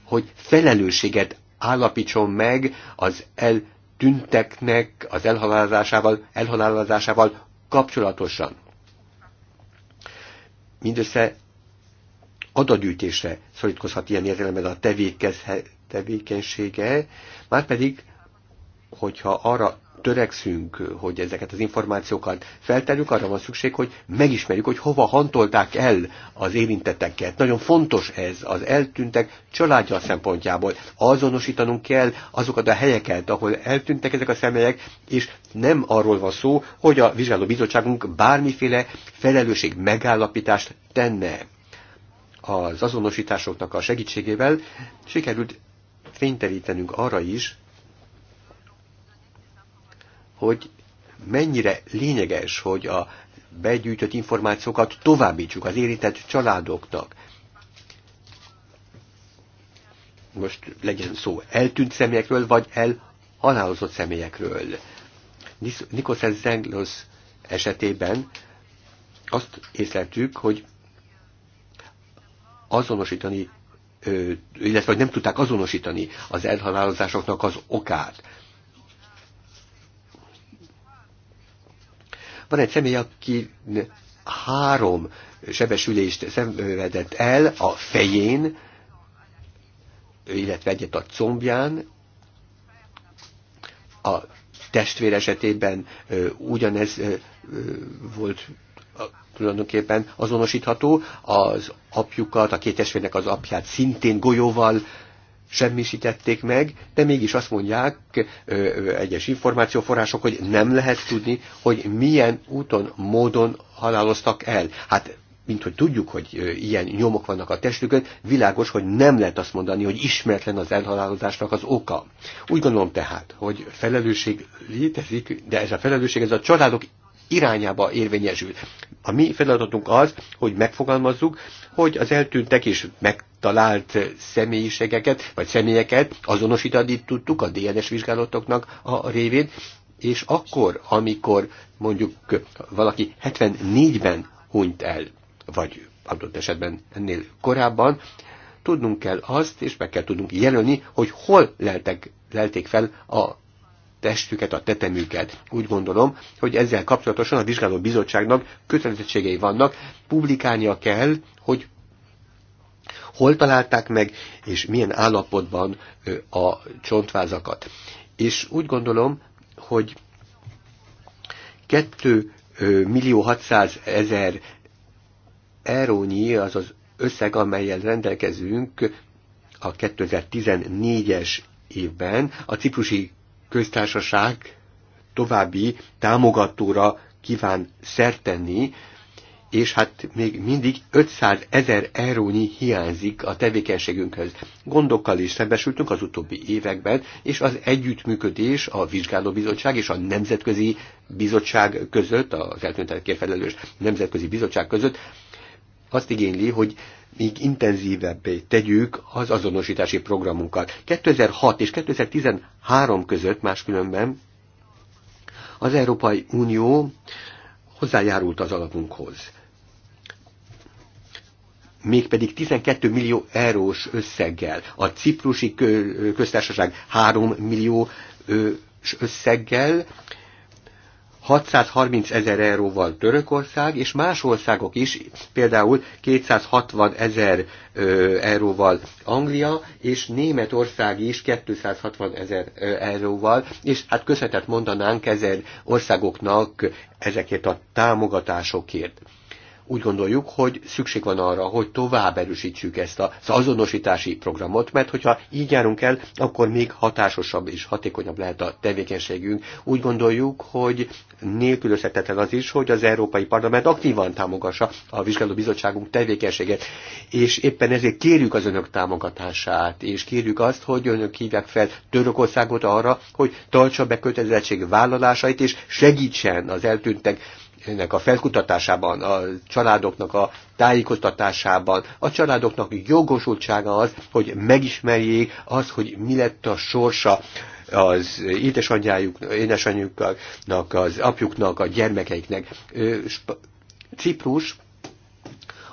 hogy felelősséget állapítson meg az el tünteknek az elhalálozásával, elhalálozásával kapcsolatosan. Mindössze adagyűjtésre szorítkozhat ilyen értelemben a tevékenysége, márpedig, hogyha arra törekszünk, hogy ezeket az információkat felterjük, arra van szükség, hogy megismerjük, hogy hova hantolták el az érintetteket. Nagyon fontos ez az eltűntek családja szempontjából. Azonosítanunk kell azokat a helyeket, ahol eltűntek ezek a személyek, és nem arról van szó, hogy a vizsgáló bizottságunk bármiféle felelősség megállapítást tenne. Az azonosításoknak a segítségével sikerült fénytelítenünk arra is, hogy mennyire lényeges, hogy a begyűjtött információkat továbbítsuk az érintett családoknak. Most legyen szó eltűnt személyekről, vagy elhalálozott személyekről. Nikoszen Zenglos esetében azt észleltük, hogy azonosítani, illetve hogy nem tudták azonosítani az elhalálozásoknak az okát. Van egy személy, aki három sebesülést szenvedett el a fején, illetve egyet a combján, a testvér esetében ugyanez volt tulajdonképpen azonosítható, az apjukat, a két testvérnek az apját szintén golyóval semmisítették meg, de mégis azt mondják ö, ö, egyes információforrások, hogy nem lehet tudni, hogy milyen úton, módon haláloztak el. Hát mint hogy tudjuk, hogy ilyen nyomok vannak a testükön, világos, hogy nem lehet azt mondani, hogy ismeretlen az elhalálozásnak az oka. Úgy gondolom tehát, hogy felelősség létezik, de ez a felelősség, ez a családok irányába érvényesül. A mi feladatunk az, hogy megfogalmazzuk, hogy az eltűntek és megtalált személyiségeket, vagy személyeket azonosítani tudtuk a DNS vizsgálatoknak a révén, és akkor, amikor mondjuk valaki 74-ben hunyt el, vagy adott esetben ennél korábban, tudnunk kell azt, és meg kell tudnunk jelölni, hogy hol leltek, lelték fel a testüket, a tetemüket. Úgy gondolom, hogy ezzel kapcsolatosan a vizsgáló bizottságnak kötelezettségei vannak, publikálnia kell, hogy hol találták meg, és milyen állapotban a csontvázakat. És úgy gondolom, hogy 2 millió 600 ezer eurónyi az az összeg, amelyel rendelkezünk a 2014-es évben a ciprusi köztársaság további támogatóra kíván szertenni, és hát még mindig 500 ezer eurónyi hiányzik a tevékenységünkhöz. Gondokkal is szembesültünk az utóbbi években, és az együttműködés a vizsgálóbizottság és a nemzetközi bizottság között, az eltűntetekért felelős nemzetközi bizottság között azt igényli, hogy még intenzívebbé tegyük az azonosítási programunkat. 2006 és 2013 között máskülönben az Európai Unió hozzájárult az alapunkhoz. Mégpedig 12 millió eurós összeggel. A ciprusi köztársaság 3 millió összeggel, 630 ezer euróval Törökország, és más országok is, például 260 ezer euróval Anglia, és Németország is 260 ezer euróval, és hát köszönetet mondanánk ezer országoknak ezekért a támogatásokért úgy gondoljuk, hogy szükség van arra, hogy tovább erősítsük ezt az azonosítási programot, mert hogyha így járunk el, akkor még hatásosabb és hatékonyabb lehet a tevékenységünk. Úgy gondoljuk, hogy nélkülözhetetlen az is, hogy az Európai Parlament aktívan támogassa a vizsgálóbizottságunk tevékenységet, és éppen ezért kérjük az önök támogatását, és kérjük azt, hogy önök hívják fel Törökországot arra, hogy tartsa be kötelezettség vállalásait, és segítsen az eltűntek ennek a felkutatásában, a családoknak a tájékoztatásában, a családoknak jogosultsága az, hogy megismerjék az, hogy mi lett a sorsa az édesanyjájuk, édesanyjuknak, az apjuknak, a gyermekeiknek. Ciprus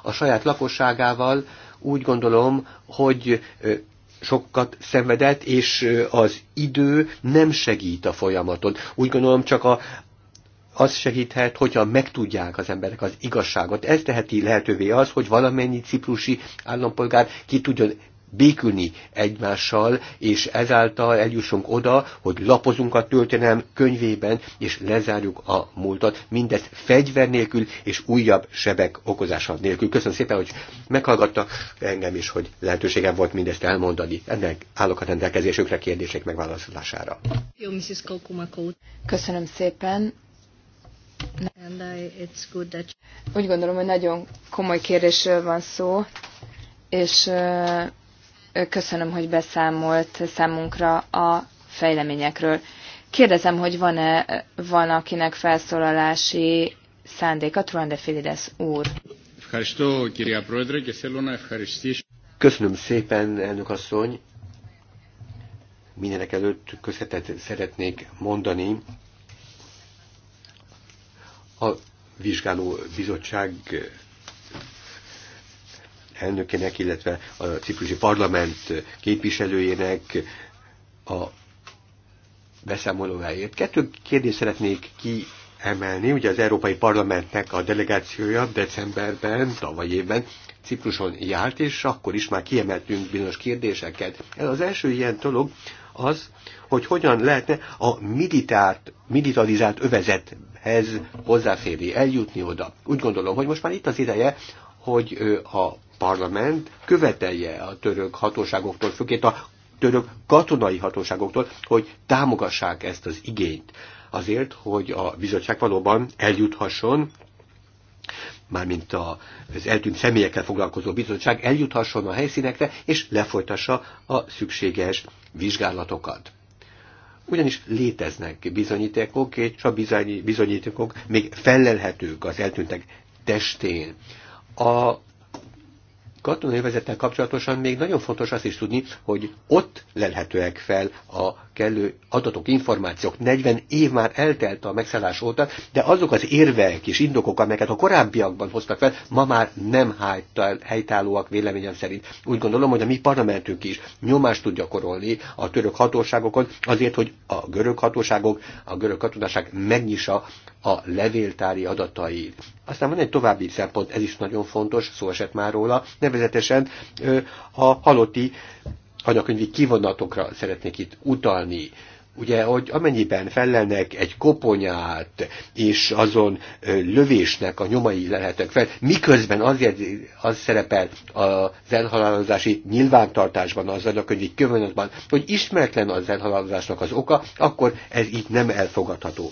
a saját lakosságával úgy gondolom, hogy sokat szenvedett, és az idő nem segít a folyamaton. Úgy gondolom, csak a, az segíthet, hogyha megtudják az emberek az igazságot. Ez teheti lehetővé az, hogy valamennyi ciprusi állampolgár ki tudjon békülni egymással, és ezáltal eljussunk oda, hogy lapozunk a történelem könyvében, és lezárjuk a múltat, mindezt fegyver nélkül és újabb sebek okozása nélkül. Köszönöm szépen, hogy meghallgattak engem is, hogy lehetőségem volt mindezt elmondani. Ennek állok a rendelkezésükre kérdések megválaszolására. Jó, Mrs. Köszönöm szépen. And I, it's good that... Úgy gondolom, hogy nagyon komoly kérdésről van szó, és köszönöm, hogy beszámolt számunkra a fejleményekről. Kérdezem, hogy van-e van, akinek felszólalási szándéka, de Filides úr. Köszönöm szépen, elnök asszony. Mindenek előtt köszönetet szeretnék mondani a vizsgáló bizottság elnökének, illetve a ciprusi parlament képviselőjének a beszámolójáért. Kettő kérdést szeretnék ki emelni. Ugye az Európai Parlamentnek a delegációja decemberben, tavaly évben Cipruson járt, és akkor is már kiemeltünk bizonyos kérdéseket. Ez az első ilyen dolog az, hogy hogyan lehetne a militárt, militarizált övezethez hozzáférni, eljutni oda. Úgy gondolom, hogy most már itt az ideje, hogy a parlament követelje a török hatóságoktól, főként a török katonai hatóságoktól, hogy támogassák ezt az igényt. Azért, hogy a bizottság valóban eljuthasson mármint az eltűnt személyekkel foglalkozó bizottság eljuthasson a helyszínekre, és lefolytassa a szükséges vizsgálatokat. Ugyanis léteznek bizonyítékok, és a bizonyítékok még fellelhetők az eltűntek testén. A katonai vezettel kapcsolatosan még nagyon fontos azt is tudni, hogy ott lelhetőek fel a kellő adatok, információk. 40 év már eltelt a megszállás óta, de azok az érvek és indokok, amelyeket a korábbiakban hoztak fel, ma már nem helytállóak véleményem szerint. Úgy gondolom, hogy a mi parlamentünk is nyomást tud gyakorolni a török hatóságokon, azért, hogy a görög hatóságok, a görög katonaság megnyissa a levéltári adatait. Aztán van egy további szempont, ez is nagyon fontos, szó esett már róla, nevezetesen a halotti anyakönyvi kivonatokra szeretnék itt utalni. Ugye, hogy amennyiben fellelnek egy koponyát, és azon lövésnek a nyomai lehetnek fel, miközben azért az szerepel az elhalálozási nyilvántartásban, az anyakönyvi kivonatban, hogy ismeretlen az elhalálozásnak az oka, akkor ez itt nem elfogadható.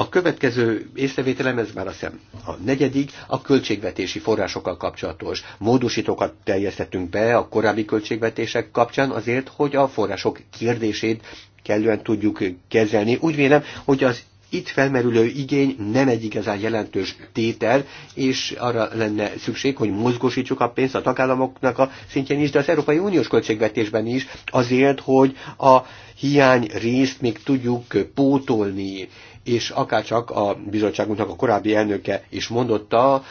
A következő észrevételem, ez már azt hiszem a negyedik, a költségvetési forrásokkal kapcsolatos. Módosítókat teljesztettünk be a korábbi költségvetések kapcsán azért, hogy a források kérdését kellően tudjuk kezelni. Úgy vélem, hogy az itt felmerülő igény nem egy igazán jelentős tétel, és arra lenne szükség, hogy mozgósítsuk a pénzt a tagállamoknak a szintjén is, de az Európai Uniós költségvetésben is, azért, hogy a hiány részt még tudjuk pótolni és akárcsak a bizottságunknak a korábbi elnöke is mondotta,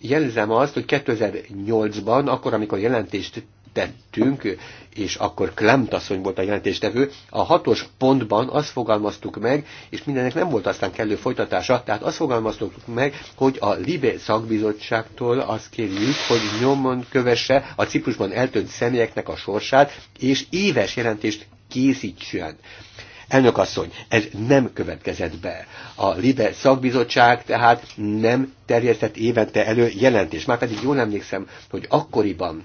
jelzem azt, hogy 2008-ban, akkor, amikor jelentést tettünk, és akkor Klemt asszony volt a jelentéstevő, a hatos pontban azt fogalmaztuk meg, és mindennek nem volt aztán kellő folytatása, tehát azt fogalmaztuk meg, hogy a Libe szakbizottságtól azt kérjük, hogy nyomon kövesse a Ciprusban eltönt személyeknek a sorsát, és éves jelentést készítsen. Elnök asszony, ez nem következett be. A LIBE szakbizottság tehát nem terjesztett évente elő jelentést. Már pedig jól emlékszem, hogy akkoriban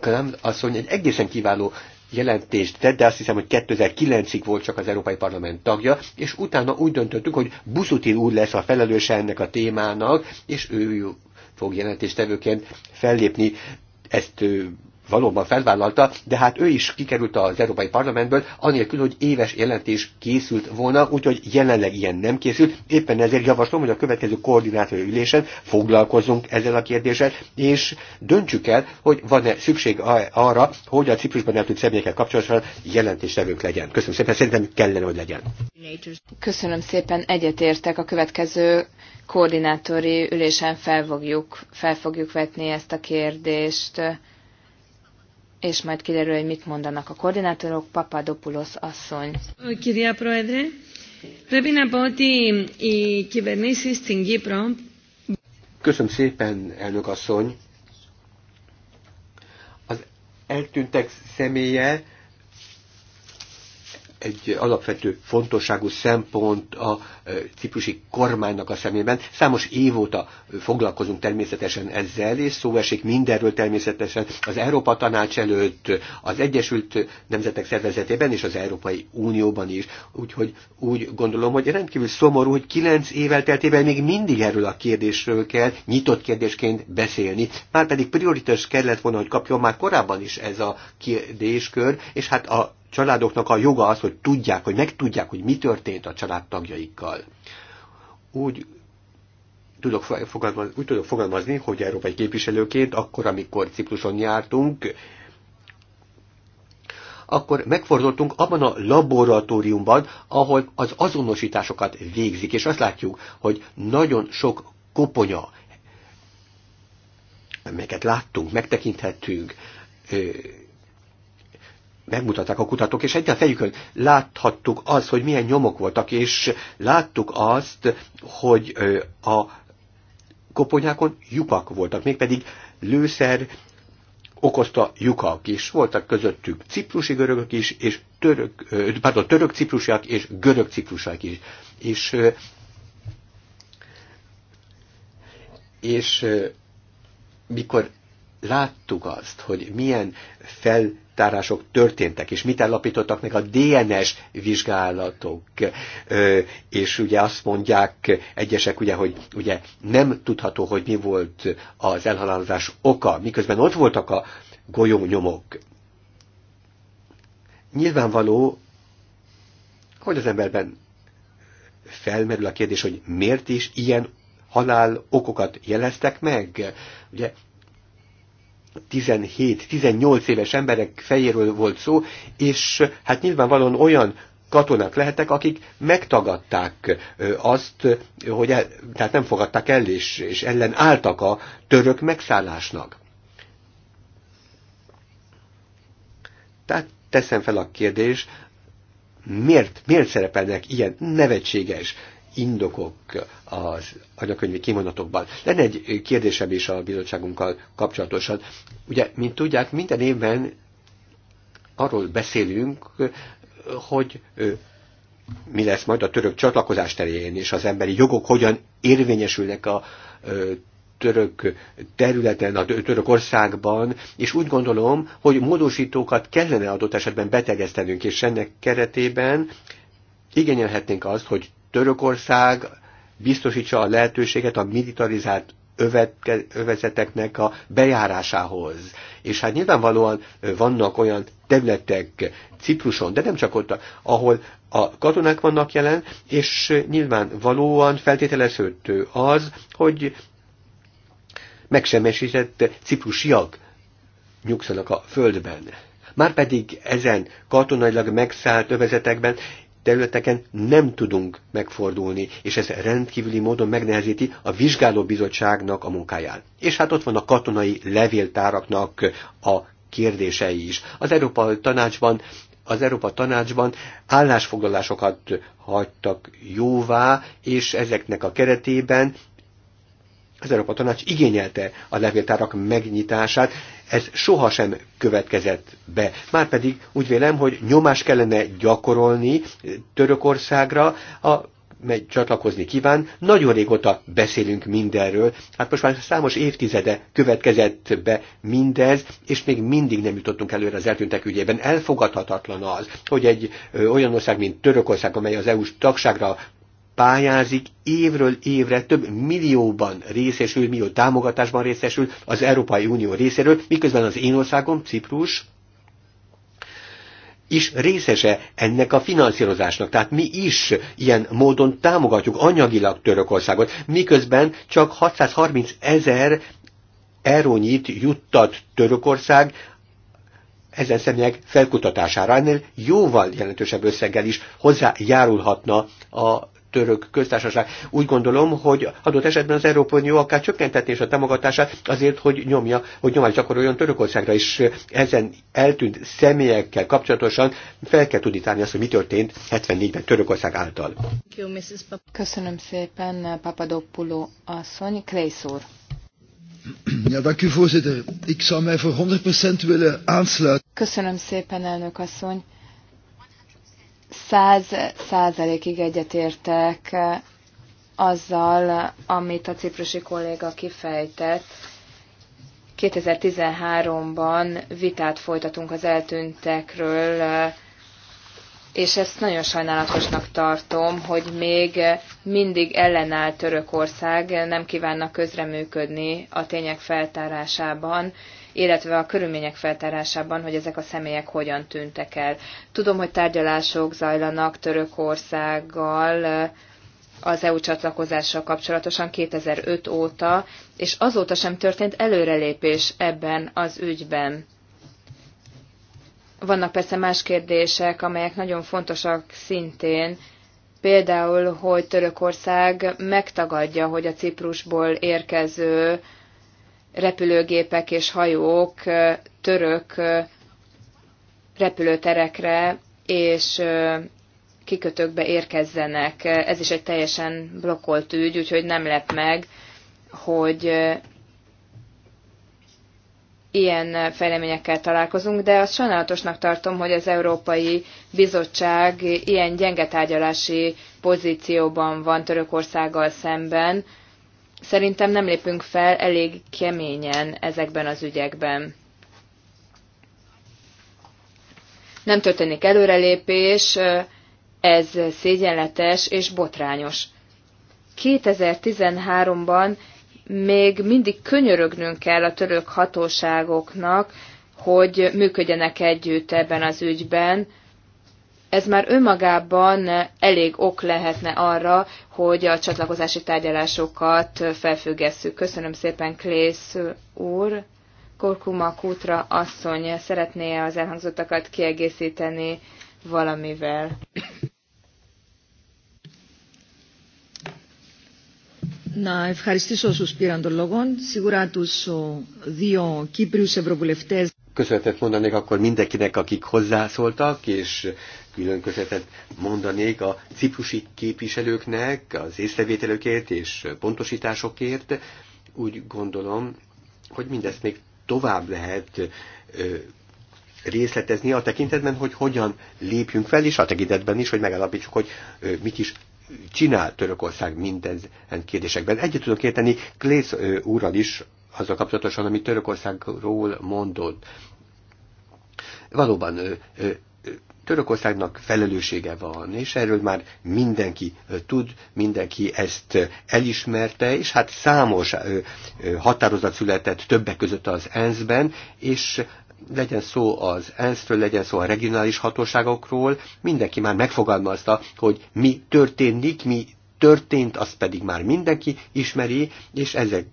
Kram asszony egy egészen kiváló jelentést tett, de azt hiszem, hogy 2009-ig volt csak az Európai Parlament tagja, és utána úgy döntöttünk, hogy Buszutin úr lesz a felelőse ennek a témának, és ő fog jelentéstevőként fellépni. Ezt valóban felvállalta, de hát ő is kikerült az Európai Parlamentből, anélkül, hogy éves jelentés készült volna, úgyhogy jelenleg ilyen nem készült. Éppen ezért javaslom, hogy a következő koordinátori ülésen foglalkozunk ezzel a kérdéssel, és döntsük el, hogy van-e szükség arra, hogy a Ciprusban eltűnt személyekkel kapcsolatosan jelentéstevők legyen. Köszönöm szépen, szerintem kellene, hogy legyen. Köszönöm szépen, egyetértek a következő koordinátori ülésen fel fogjuk, fel fogjuk vetni ezt a kérdést és majd kiderül, hogy mit mondanak a koordinátorok. Papadopoulos asszony. Kiria Proedre, πρέπει Bauti, πω ότι οι Köszönöm szépen, elnök asszony. Az eltűntek személye egy alapvető fontosságú szempont a e, ciprusi kormánynak a szemében. Számos év óta foglalkozunk természetesen ezzel, és szó esik mindenről természetesen az Európa Tanács előtt, az Egyesült Nemzetek Szervezetében és az Európai Unióban is. Úgyhogy úgy gondolom, hogy rendkívül szomorú, hogy kilenc év elteltével még mindig erről a kérdésről kell nyitott kérdésként beszélni. pedig prioritás kellett volna, hogy kapjon már korábban is ez a kérdéskör, és hát a családoknak a joga az, hogy tudják, hogy megtudják, hogy mi történt a családtagjaikkal. Úgy tudok fogalmazni, úgy tudok fogalmazni, hogy európai képviselőként, akkor, amikor cipruson jártunk, akkor megfordultunk abban a laboratóriumban, ahol az azonosításokat végzik, és azt látjuk, hogy nagyon sok koponya, amelyeket láttunk, megtekinthettünk, megmutatták a kutatók, és a fejükön láthattuk azt, hogy milyen nyomok voltak, és láttuk azt, hogy a koponyákon lyukak voltak, mégpedig lőszer okozta lyukak is. Voltak közöttük ciprusi görögök is, és török, pardon, török ciprusiak és görög ciprusiak is. És, és mikor láttuk azt, hogy milyen feltárások történtek, és mit állapítottak meg a DNS vizsgálatok, és ugye azt mondják egyesek, ugye, hogy ugye nem tudható, hogy mi volt az elhalálozás oka, miközben ott voltak a golyónyomok. Nyilvánvaló, hogy az emberben felmerül a kérdés, hogy miért is ilyen halál okokat jeleztek meg. Ugye 17-18 éves emberek fejéről volt szó, és hát nyilvánvalóan olyan katonák lehetek, akik megtagadták azt, hogy el, tehát nem fogadták el, és, és ellen álltak a török megszállásnak. Tehát teszem fel a kérdést, miért, miért szerepelnek ilyen nevetséges indokok az anyakönyvi kimondatokban. Lenne egy kérdésem is a bizottságunkkal kapcsolatosan. Ugye, mint tudják, minden évben arról beszélünk, hogy mi lesz majd a török csatlakozás terén, és az emberi jogok hogyan érvényesülnek a török területen, a török országban, és úgy gondolom, hogy módosítókat kellene adott esetben betegeztenünk, és ennek keretében igényelhetnénk azt, hogy Törökország biztosítsa a lehetőséget a militarizált övezeteknek a bejárásához. És hát nyilvánvalóan vannak olyan területek Cipruson, de nem csak ott, ahol a katonák vannak jelen, és nyilvánvalóan feltételezhető az, hogy megsemmisített ciprusiak nyugszanak a földben. Márpedig ezen katonailag megszállt övezetekben területeken nem tudunk megfordulni, és ez rendkívüli módon megnehezíti a vizsgálóbizottságnak a munkáját. És hát ott van a katonai levéltáraknak a kérdései is. Az Európa Tanácsban az Európa Tanácsban állásfoglalásokat hagytak jóvá, és ezeknek a keretében az Európa Tanács igényelte a levéltárak megnyitását, ez sohasem következett be. Márpedig úgy vélem, hogy nyomás kellene gyakorolni Törökországra, a megy csatlakozni kíván. Nagyon régóta beszélünk mindenről. Hát most már számos évtizede következett be mindez, és még mindig nem jutottunk előre az eltűntek ügyében. Elfogadhatatlan az, hogy egy ö, olyan ország, mint Törökország, amely az EU-s tagságra pályázik, évről évre több millióban részesül, millió támogatásban részesül az Európai Unió részéről, miközben az én országom, Ciprus, is részese ennek a finanszírozásnak. Tehát mi is ilyen módon támogatjuk anyagilag Törökországot, miközben csak 630 ezer erónyit juttat Törökország ezen személyek felkutatására. Ennél jóval jelentősebb összeggel is hozzájárulhatna a török köztársaság. Úgy gondolom, hogy adott esetben az Európai Unió akár csökkentetni is a támogatását azért, hogy nyomja, hogy nyomást gyakoroljon Törökországra, és ezen eltűnt személyekkel kapcsolatosan fel kell tudni tárni azt, hogy mi történt 74-ben Törökország által. Köszönöm szépen, Papadopoulou asszony. Kreisz úr. Ja, dank u voorzitter. Ik zou mij voor 100% willen aansluiten. Köszönöm szépen, elnök asszony száz százalékig egyetértek azzal, amit a ciprusi kolléga kifejtett. 2013-ban vitát folytatunk az eltűntekről, és ezt nagyon sajnálatosnak tartom, hogy még mindig ellenáll Törökország, nem kívánnak közreműködni a tények feltárásában, illetve a körülmények feltárásában, hogy ezek a személyek hogyan tűntek el. Tudom, hogy tárgyalások zajlanak Törökországgal, eh, az EU csatlakozással kapcsolatosan 2005 óta, és azóta sem történt előrelépés ebben az ügyben. Vannak persze más kérdések, amelyek nagyon fontosak szintén, például, hogy Törökország megtagadja, hogy a Ciprusból érkező repülőgépek és hajók török repülőterekre és kikötőkbe érkezzenek. Ez is egy teljesen blokkolt ügy, úgyhogy nem lep meg, hogy ilyen fejleményekkel találkozunk, de azt sajnálatosnak tartom, hogy az Európai Bizottság ilyen gyenge tárgyalási pozícióban van Törökországgal szemben, Szerintem nem lépünk fel elég keményen ezekben az ügyekben. Nem történik előrelépés, ez szégyenletes és botrányos. 2013-ban még mindig könyörögnünk kell a török hatóságoknak, hogy működjenek együtt ebben az ügyben, ez már önmagában elég ok lehetne arra, hogy a csatlakozási tárgyalásokat felfüggesszük. Köszönöm szépen, Klész úr. Korkuma Kútra asszony szeretné -e az elhangzottakat kiegészíteni valamivel. Να ευχαριστήσω όσους πήραν τον λόγο. Σίγουρα τους δύο Κύπριους Ευρωβουλευτές Köszönetet mondanék akkor mindenkinek, akik hozzászóltak, és külön köszönetet mondanék a ciprusi képviselőknek az észrevételőkért és pontosításokért. Úgy gondolom, hogy mindezt még tovább lehet részletezni a tekintetben, hogy hogyan lépjünk fel, és a tekintetben is, hogy megállapítsuk, hogy mit is csinál Törökország mindezen kérdésekben. Egyet tudok érteni Klész úrral is azzal kapcsolatosan, amit Törökországról mondott. Valóban Törökországnak felelőssége van, és erről már mindenki tud, mindenki ezt elismerte, és hát számos határozat született többek között az ENSZ-ben, és legyen szó az ENSZ-ről, legyen szó a regionális hatóságokról, mindenki már megfogalmazta, hogy mi történik, mi történt, azt pedig már mindenki ismeri, és ezek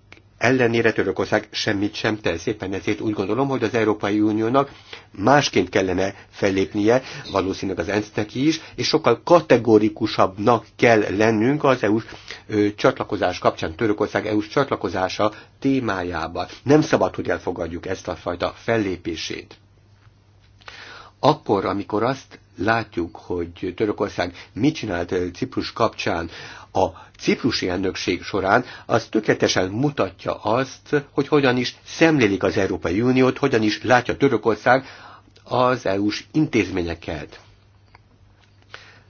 ellenére Törökország semmit sem tesz. Éppen ezért úgy gondolom, hogy az Európai Uniónak másként kellene fellépnie, valószínűleg az ensz is, és sokkal kategorikusabbnak kell lennünk az EU-s csatlakozás kapcsán, Törökország EU-s csatlakozása témájában. Nem szabad, hogy elfogadjuk ezt a fajta fellépését. Akkor, amikor azt látjuk, hogy Törökország mit csinált eh, Ciprus kapcsán a ciprusi elnökség során, az tökéletesen mutatja azt, hogy hogyan is szemlélik az Európai Uniót, hogyan is látja Törökország az EU-s intézményeket.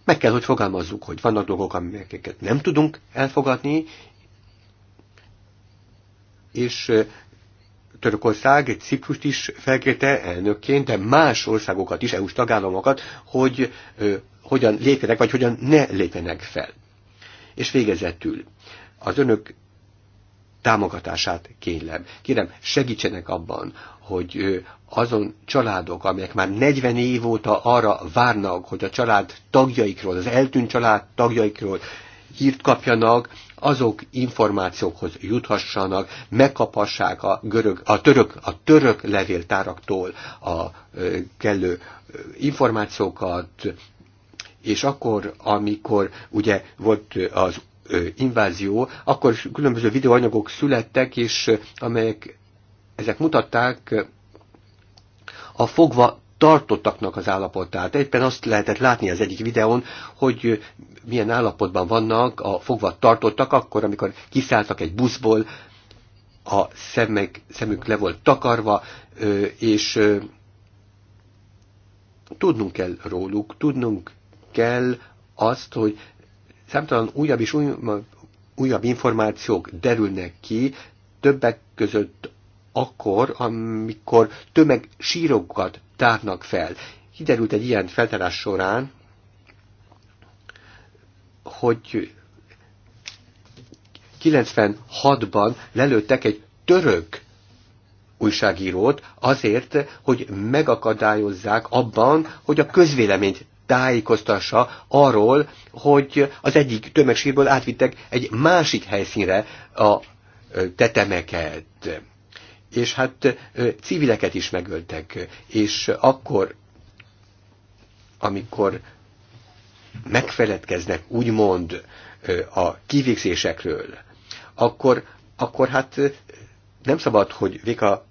Meg kell, hogy fogalmazzuk, hogy vannak dolgok, amelyeket nem tudunk elfogadni, és eh, Törökország Ciprust is felkérte elnökként, de más országokat is, EU-s tagállamokat, hogy ö, hogyan lépjenek, vagy hogyan ne lépjenek fel. És végezetül az önök támogatását kérlem. Kérem, segítsenek abban, hogy azon családok, amelyek már 40 év óta arra várnak, hogy a család tagjaikról, az eltűnt család tagjaikról hírt kapjanak, azok információkhoz juthassanak, megkaphassák a, görög, a, török, a török levéltáraktól a kellő információkat, és akkor, amikor ugye volt az invázió, akkor különböző videóanyagok születtek, és amelyek ezek mutatták a fogva tartottaknak az állapotát. Éppen azt lehetett látni az egyik videón, hogy milyen állapotban vannak a fogva tartottak akkor, amikor kiszálltak egy buszból, a szemek, szemük le volt takarva, és tudnunk kell róluk, tudnunk kell azt, hogy számtalan újabb és újabb, újabb információk derülnek ki, többek között akkor, amikor tömeg sírokat tárnak fel. Kiderült egy ilyen feltárás során, hogy 96-ban lelőttek egy török újságírót azért, hogy megakadályozzák abban, hogy a közvéleményt tájékoztassa arról, hogy az egyik tömegsírból átvittek egy másik helyszínre a tetemeket és hát civileket is megöltek, és akkor, amikor megfeledkeznek úgymond a kivégzésekről, akkor, akkor hát nem szabad, hogy véka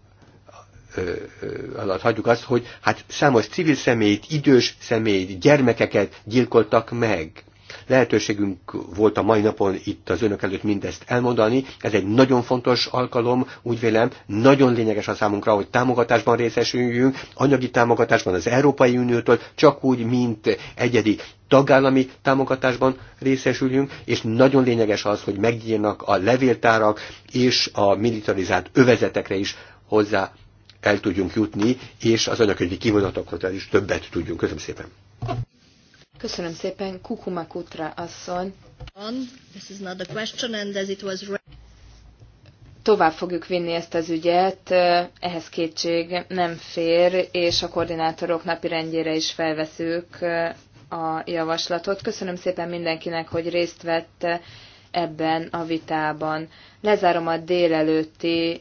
alatt hagyjuk azt, hogy hát számos civil személyt, idős személyt, gyermekeket gyilkoltak meg. Lehetőségünk volt a mai napon itt az önök előtt mindezt elmondani. Ez egy nagyon fontos alkalom, úgy vélem, nagyon lényeges a számunkra, hogy támogatásban részesüljünk, anyagi támogatásban az Európai Uniótól, csak úgy, mint egyedi tagállami támogatásban részesüljünk, és nagyon lényeges az, hogy megnyílnak a levéltárak és a militarizált övezetekre is hozzá el tudjunk jutni, és az anyagi kivonatokról is többet tudjunk. Köszönöm szépen! Köszönöm szépen, Kukuma Kutra asszony. This is not question, and as it was... Tovább fogjuk vinni ezt az ügyet, ehhez kétség nem fér, és a koordinátorok napirendjére is felveszük a javaslatot. Köszönöm szépen mindenkinek, hogy részt vett ebben a vitában. Lezárom a délelőtti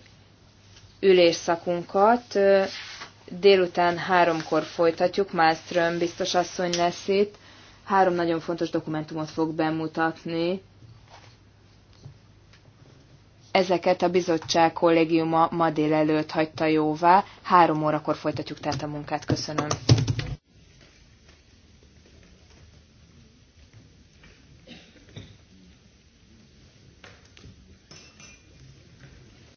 ülésszakunkat. Délután háromkor folytatjuk, Malmström biztos asszony lesz itt három nagyon fontos dokumentumot fog bemutatni. Ezeket a bizottság kollégiuma ma délelőtt hagyta jóvá. Három órakor folytatjuk tehát a munkát. Köszönöm.